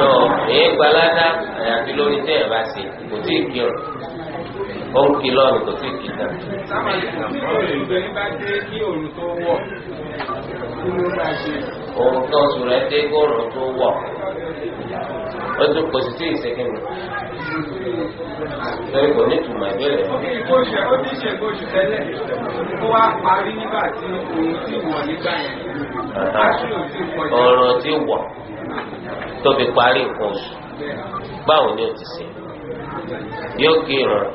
lọ èyí gbalada àyàfi lórí téèyàn bá ṣe kò tí ì ó ń kí lọ́ọ̀nù kò tí kí tán. táwọn tó wọ̀ sùn rẹ dé kó tó wọ̀ ó tún kò sì tí ì mi. lórí kò ní ìtumọ̀ ìbéèrè. òkè ìgbóṣù ó ti ṣe ìgbóṣù tẹ́lẹ̀ kó wá parí nígbà tí òun ti wọ̀ nígbà yẹn. ọ̀rọ̀ ti wọ̀ tó fi parí nǹkan oṣù báwo ni o ti ṣe yóò kí ìrọ̀rùn.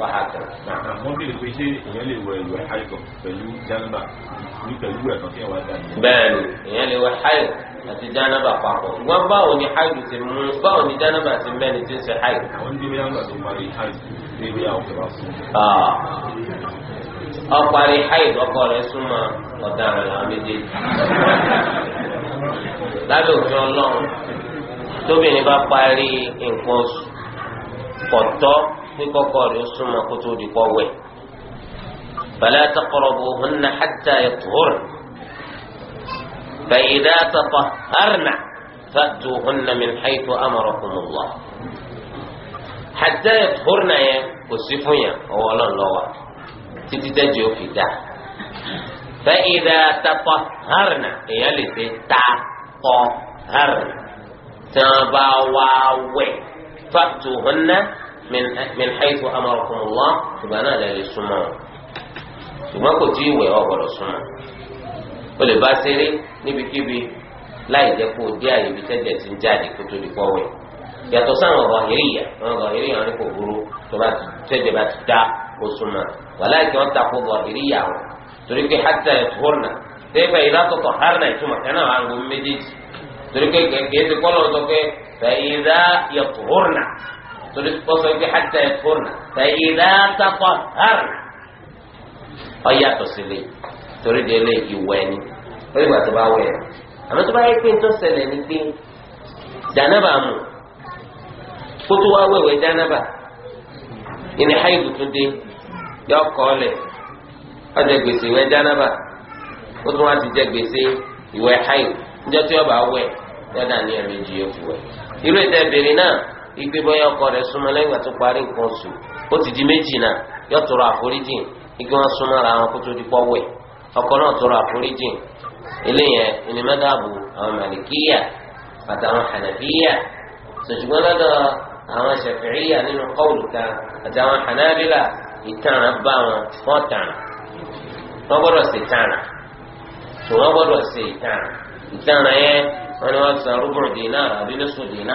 wàhálà náà wọ́n bí pé ṣé èèyàn lè wọ ìwẹ̀ àìkọ̀ pẹ̀lú jánàbà ní pẹ̀lú ẹ̀ kan kí wọ́n dà ní. bẹ́ẹ̀ni èèyàn lè wẹ̀ àìl àti jánàbà papọ̀ ṣùgbọ́n báwo ni àìl ti mú báwo ni jánàbà ti mẹ́ni ti ń ṣe àìl. àwọn ní jánàbà tó parí àìl ní àwọn tó bá fún ọparí ah. àìl ọkọ rẹ̀ súnmọ́ ọ̀daràn làwọn méjèèjì. lábẹ́ òfin ọlọ́run tóbìnrin bá parí nǹkan kọ̀tọ́ kíkọ́kọ́ rẹ̀ súnmọ́ kó tó di kọ́ wẹ̀. fala taqrabuhunna hatta yatuhurna fa idha tatahharna fa'tuhunna min haythu amarakumullah. hatta yatuhurna yẹn kò sí fún yẹn ọwọ́ ọlọ́ọ̀lọ́wà títí tẹ́jú ó fi dá. fa idha tatahharna èèyàn lè ṣe tatahharna tí wọ́n bá wá wẹ̀ fa'tuhunna. min haythu amarakumullah ṣùgbọ́n náà lè súnmọ́ o ṣùgbọ́n kò tí ì wẹ̀ ọ́ gbọ́dọ̀ súnmọ́ o lè bá ṣeré níbikíbi láì jẹ́ kó o dé àyè ibi tẹ́jẹ̀ ti ń jáde kó tó di pọ́ wẹ̀ yàtọ̀ sáwọn ọ̀rọ̀ ìrìyà àwọn ọ̀rọ̀ ìrìyà wọn ni kò burú tó bá tẹ́jẹ̀ bá ti dá o súnmọ́ wàláì kí wọ́n takò ọ̀rọ̀ ìrìyà wọn torí pé hàtà ẹ̀ tóórnà tẹ́fẹ̀ ìlàtọ̀tọ̀ hàrnà ìtumọ̀ ẹ̀ náà àwọn méjèèjì torí pé kẹ̀kẹ́ ti kọ́ lọ́wọ́ pé fẹ̀ ìdá tóórnà torí kọ́ sọ pé hàtà ẹ̀kọ́ nà tẹ ìdá takọ̀ hàr ọ yàtọ̀ sílẹ̀ torí délé ìwẹ̀ ni ó yẹ kó bá wẹ̀ àmọ́ tó bá yẹ pé ń tó ṣẹlẹ̀ ní pé jànábà mu kótó wá wẹ̀wẹ̀ jànábà ìní haidu tó dé janaba kọ́ lẹ̀ ọjọ́ gbèsè ìwẹ̀ jànábà ó tún wá ti jẹ gbèsè ìwẹ̀ haidu níjọ́ tí ọba wẹ̀ yọ̀dá ní ẹ̀rẹ́jì yóò e igbe bọ́yá ọkọ rẹ̀ súnmọ́ lẹ́yìn àti parí nǹkan oṣù ó ti di méjì náà yóò tọrọ àforíjì igi wọn súnmọ́ ara wọn kó tó di pọ́wẹ́ ọkọ náà tọrọ àforíjì eléyẹn onímọ̀dàbù àwọn màlìkíyà àtàwọn hànàfíyà sọ̀tùgbọ́n lọ́dọ̀ àwọn ṣàfíìyà nínú kọ́ọ̀lù kan àtàwọn hànàbílà ìtàràn bá wọn fọ́n tàràn wọ́n gbọ́dọ̀ sí tàràn tó wọ́n gbọ́dọ̀ sí ìtàràn ìtàràn yẹn wọ́n ni wọ́n san rúbùrù dínà àbí lóṣù dínà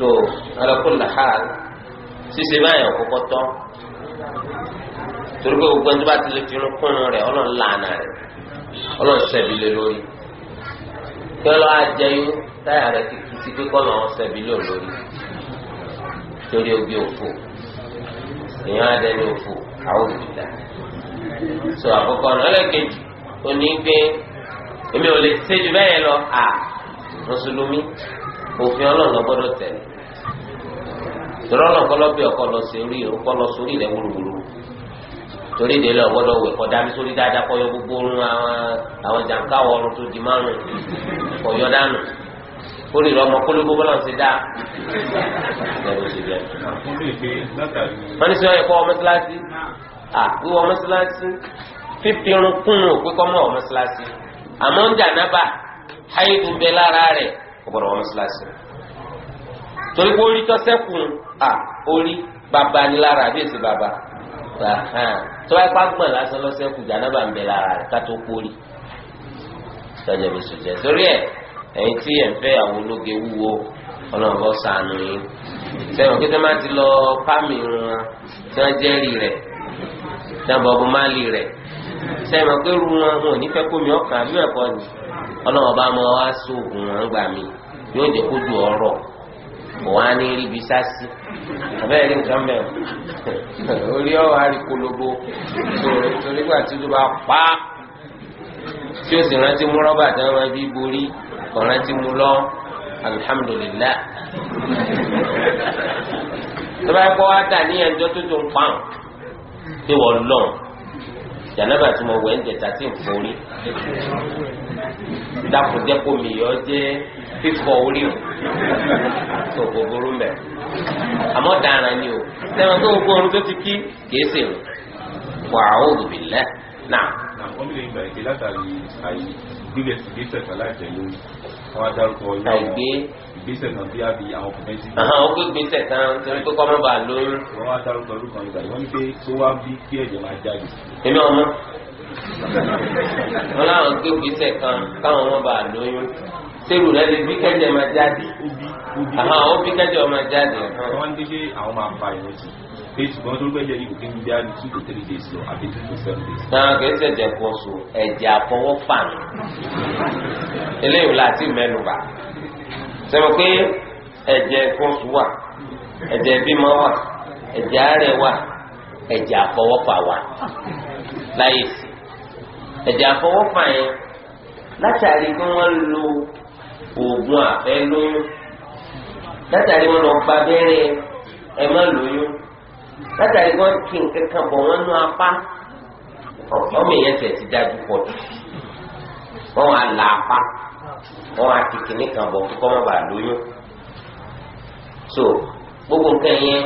so alakó làhá ṣíṣe báyìí ọkọkọ tọ torí pé gbogbo ẹni tó bá ti lè kún un rẹ Ọlọ́run làánà rẹ Ọlọ́run ṣẹbi lé lórí táyà rẹ ti tu sí pé kọlọ ṣẹbi lé lórí torí obi òfò èèyàn adẹni òfò àwọn òbíta gbé èmi ò lè ṣe jù bẹ́ẹ̀ lọ tọ́lọ́nà kọ́lọ́bì ọkọ lọ sórí ọkọ lọ sórí rẹ wúlúwúlú torí de lọ gbọ́dọ̀ wẹ kọ dami sórí dáadáa kọyọ gbogbo orun àwọn àwọn jàǹká wọrun tó di márùn kọyọ dànù kórè lọ ọmọ kóló gbogbo náà ti dá lẹbi ti bẹ. wọ́n ní sọ yẹ kọ́ ọmọ síláṣí à wíwọ ọmọ síláṣí fífi kún un pé kọ́ ọmọ síláṣí àmọ́ ń dànábà háyé tó bẹ lára ọmọ síláṣí rẹ̀ torí pé orí tọ́sẹ́kùn à orí bàbá ni lára àbí èsì bàbá tó bá ipá gbọ̀n lásán lọ́sẹ̀kùn jàǹdàbà ń bẹ lára rẹ̀ ká tó kórì sọjọ́ bí sọjọ́ torí ẹ̀ ẹ̀yin tí ẹ̀ ń fẹ́ àwọn ológe wúwo ọlọ́run bọ́ sànù yín sẹ́wọ̀n kí sẹ́wọ̀n máa ti lọ pámì wọn tí wọ́n jẹ́rìí rẹ̀ dábọ̀ ọbọ̀ máa lè rẹ̀ sẹ́wọ̀n pé ru wọn wọn ò ní fẹ́ kómi ọkàn àbí ẹ̀kọ́ ni ọlọ́run bá mọ wá sóògùn wọn gbà mí yóò jẹ́ kó du ọ̀rọ̀ wọn á ní rí ibi sásì abẹ́rẹ́ rí nǹkan mẹ́rin orí ọ̀ á rí kólóbó torí gbà tí ó bá pa tí ó sì rántí mú rọ́bà tí wọ́n máa bí borí kò rántí mú lọ alihamudulilá tó bá kọ́ wá tà ní ẹjọ́ tó tó ń pa pé wọ́n lọ́n jànàbà tí mo wẹ̀ ń jẹ̀ta tí ń forí dákúndẹ́kọ̀ mi yọ jẹ́. fífọ orí o tó gbogbo mẹ àmọ́ dára ni o sẹwọn tó gbogbo orun tó ti kí o wà á òòlù bì lẹ náà. àwọn ilé ìgbà èdè látàrí àyè gbígbẹ ìgbésẹ̀ kan láìpẹ́ lórí àwọn adarúkọ ilé àwọn ìgbésẹ̀ kan bí àbí àwọn kọmẹtì. ó gbé kan torí pé kọ́mọ́ bá lóyún. àwọn adarúkọ orúkọ ìgbà yìí wọ́n pé tó wá bí kí máa jáde. èmi ọmọ sẹ́rù rẹ lè bí kẹ́jẹ́ máa jáde àwọn o bí kẹ́jẹ́ máa jáde. wọ́n ń dédé àwọn máa fa ìwé jù ṣùgbọ́n tó gbẹ́jẹ́ yìí kò kí n bí dáadé two to three days lọ àbí two to seven days. náà kì í ṣẹ̀jẹ̀ kó so ẹ̀jẹ̀ àfọwọ́ fàánù eléyìí láti mẹ́nuba sẹ́mi pé ẹ̀jẹ̀ kó so wà ẹ̀jẹ̀ bímọ wà ẹ̀jẹ̀ àárẹ̀ wà ẹ̀jẹ̀ àfọwọ́fà wà láyé sí ẹ̀jẹ̀ àfọwọ́fà yẹn látàrí pé wọ́n lo. oògùn àfẹ́ lóyún látàrí wọn lọ gba abẹ́rẹ́ ẹ má lóyún látàrí wọn kí nǹkan kan bọ̀ wọ́n nú apá ọmọ èèyàn tẹ̀ ti dájú pọ̀ jù wọ́n wá là apá so gbogbo nǹkan yẹn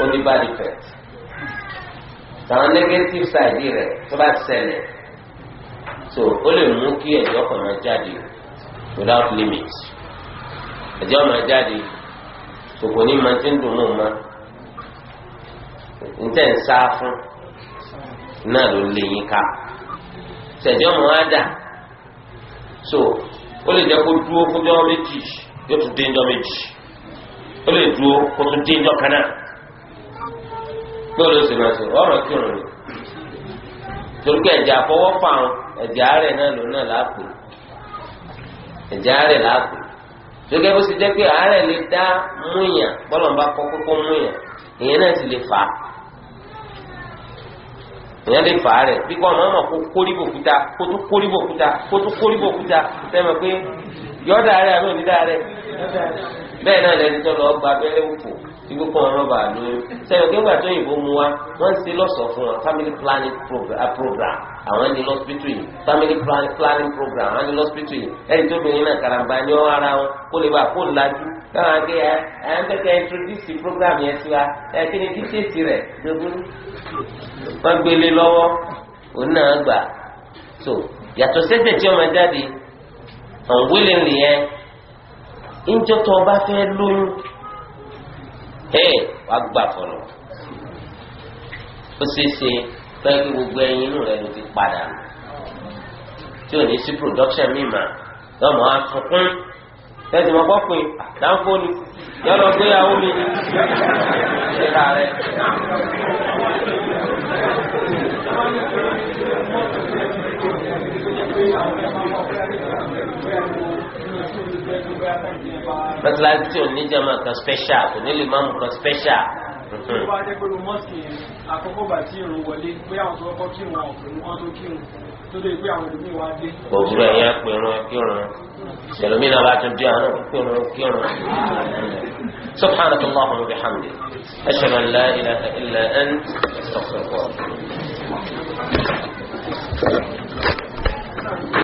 ó ní bad effect negative side rẹ̀ tó bá so ó lè mú kí kan jáde without limit ọmọ ní ma ti ń dùn ma ń ń sá fún náà ló lè yín ká ọmọ so ó lè kó dúró méjì yóò tún dé méjì ó lè dúró kó tún dé sì máa kírun ni torí àárẹ̀ náà ló náà ẹ̀jẹ̀ àárẹ̀ láàpù gẹ́gẹ́ bó ti jẹ́ pé àárẹ̀ lè dá múyàn bọ́lọ̀mbá kọ́ kókó múyàn ìyẹn náà sì lè fà á ìyẹn lè fà á rẹ̀ bí kò ọmọ ọmọ kó kórìbò kúta kó tó kórìbò kúta kó tó kórìbò kúta sẹ́mi pé yọ̀ọ́dà rẹ̀ àbí ònídà rẹ̀ bẹ́ẹ̀ náà lẹ́ni tó lọ gba abẹ́rẹ́ òfò ibi kan ọ̀rọ̀ bá lóyún sẹ́yìn òkè ńgbà tó yìnbó mu wa wọ́n ń ṣe lọ́sọ̀ọ́ fún wa family planning program àwọn ẹni lọ́sítítù yìí family planning program àwọn ẹni lọ́sítítù yìí ẹni tó bìnrin náà karamba ní ọ́ ara wọn kó lè bá kó lajú káwọn akẹ́ ẹ ẹ ń kẹ́kẹ́ introduce program yẹn sí wa ẹ kí ni díṣèsì rẹ̀ gbogbo wọ́n gbélé lọ́wọ́ òun náà gbà so yàtọ̀ sẹ́sẹ̀ tí ọmọ jáde ọ̀nwélé nìyẹn ìjọ tó ọba fẹ́ lóyún ee wàá gbà fọlọ ó ṣeé ṣe pẹ́ẹ́kì gbogbo ẹyin inú rẹ ló ti padà tí ò ní sí production mi mà lọ́mọ asunkún tẹ́sí mọ́ kọ́pin àdáńfóni yọ̀lọ́ gbéyàwó mi Thank you. mẹsàlásì tí ò ní jama kan special kò ní lè máa mú kan special. tó bá dé pé mọ́sì àkọ́kọ́ bá tí irun wọlé pé àwọn tó kọ́kọ́ kírun àwọn òkè wọn tó kírun tó dé pé àwọn ìlú wa dé. òwúrọ̀ ẹ̀yà pèrún kírun ẹlòmíì náà bá tún dé àwọn pèrún kírun. سبحانك اللهم وبحمدك أشهد أن لا إله إلا أنت أستغفرك وأتوب إليك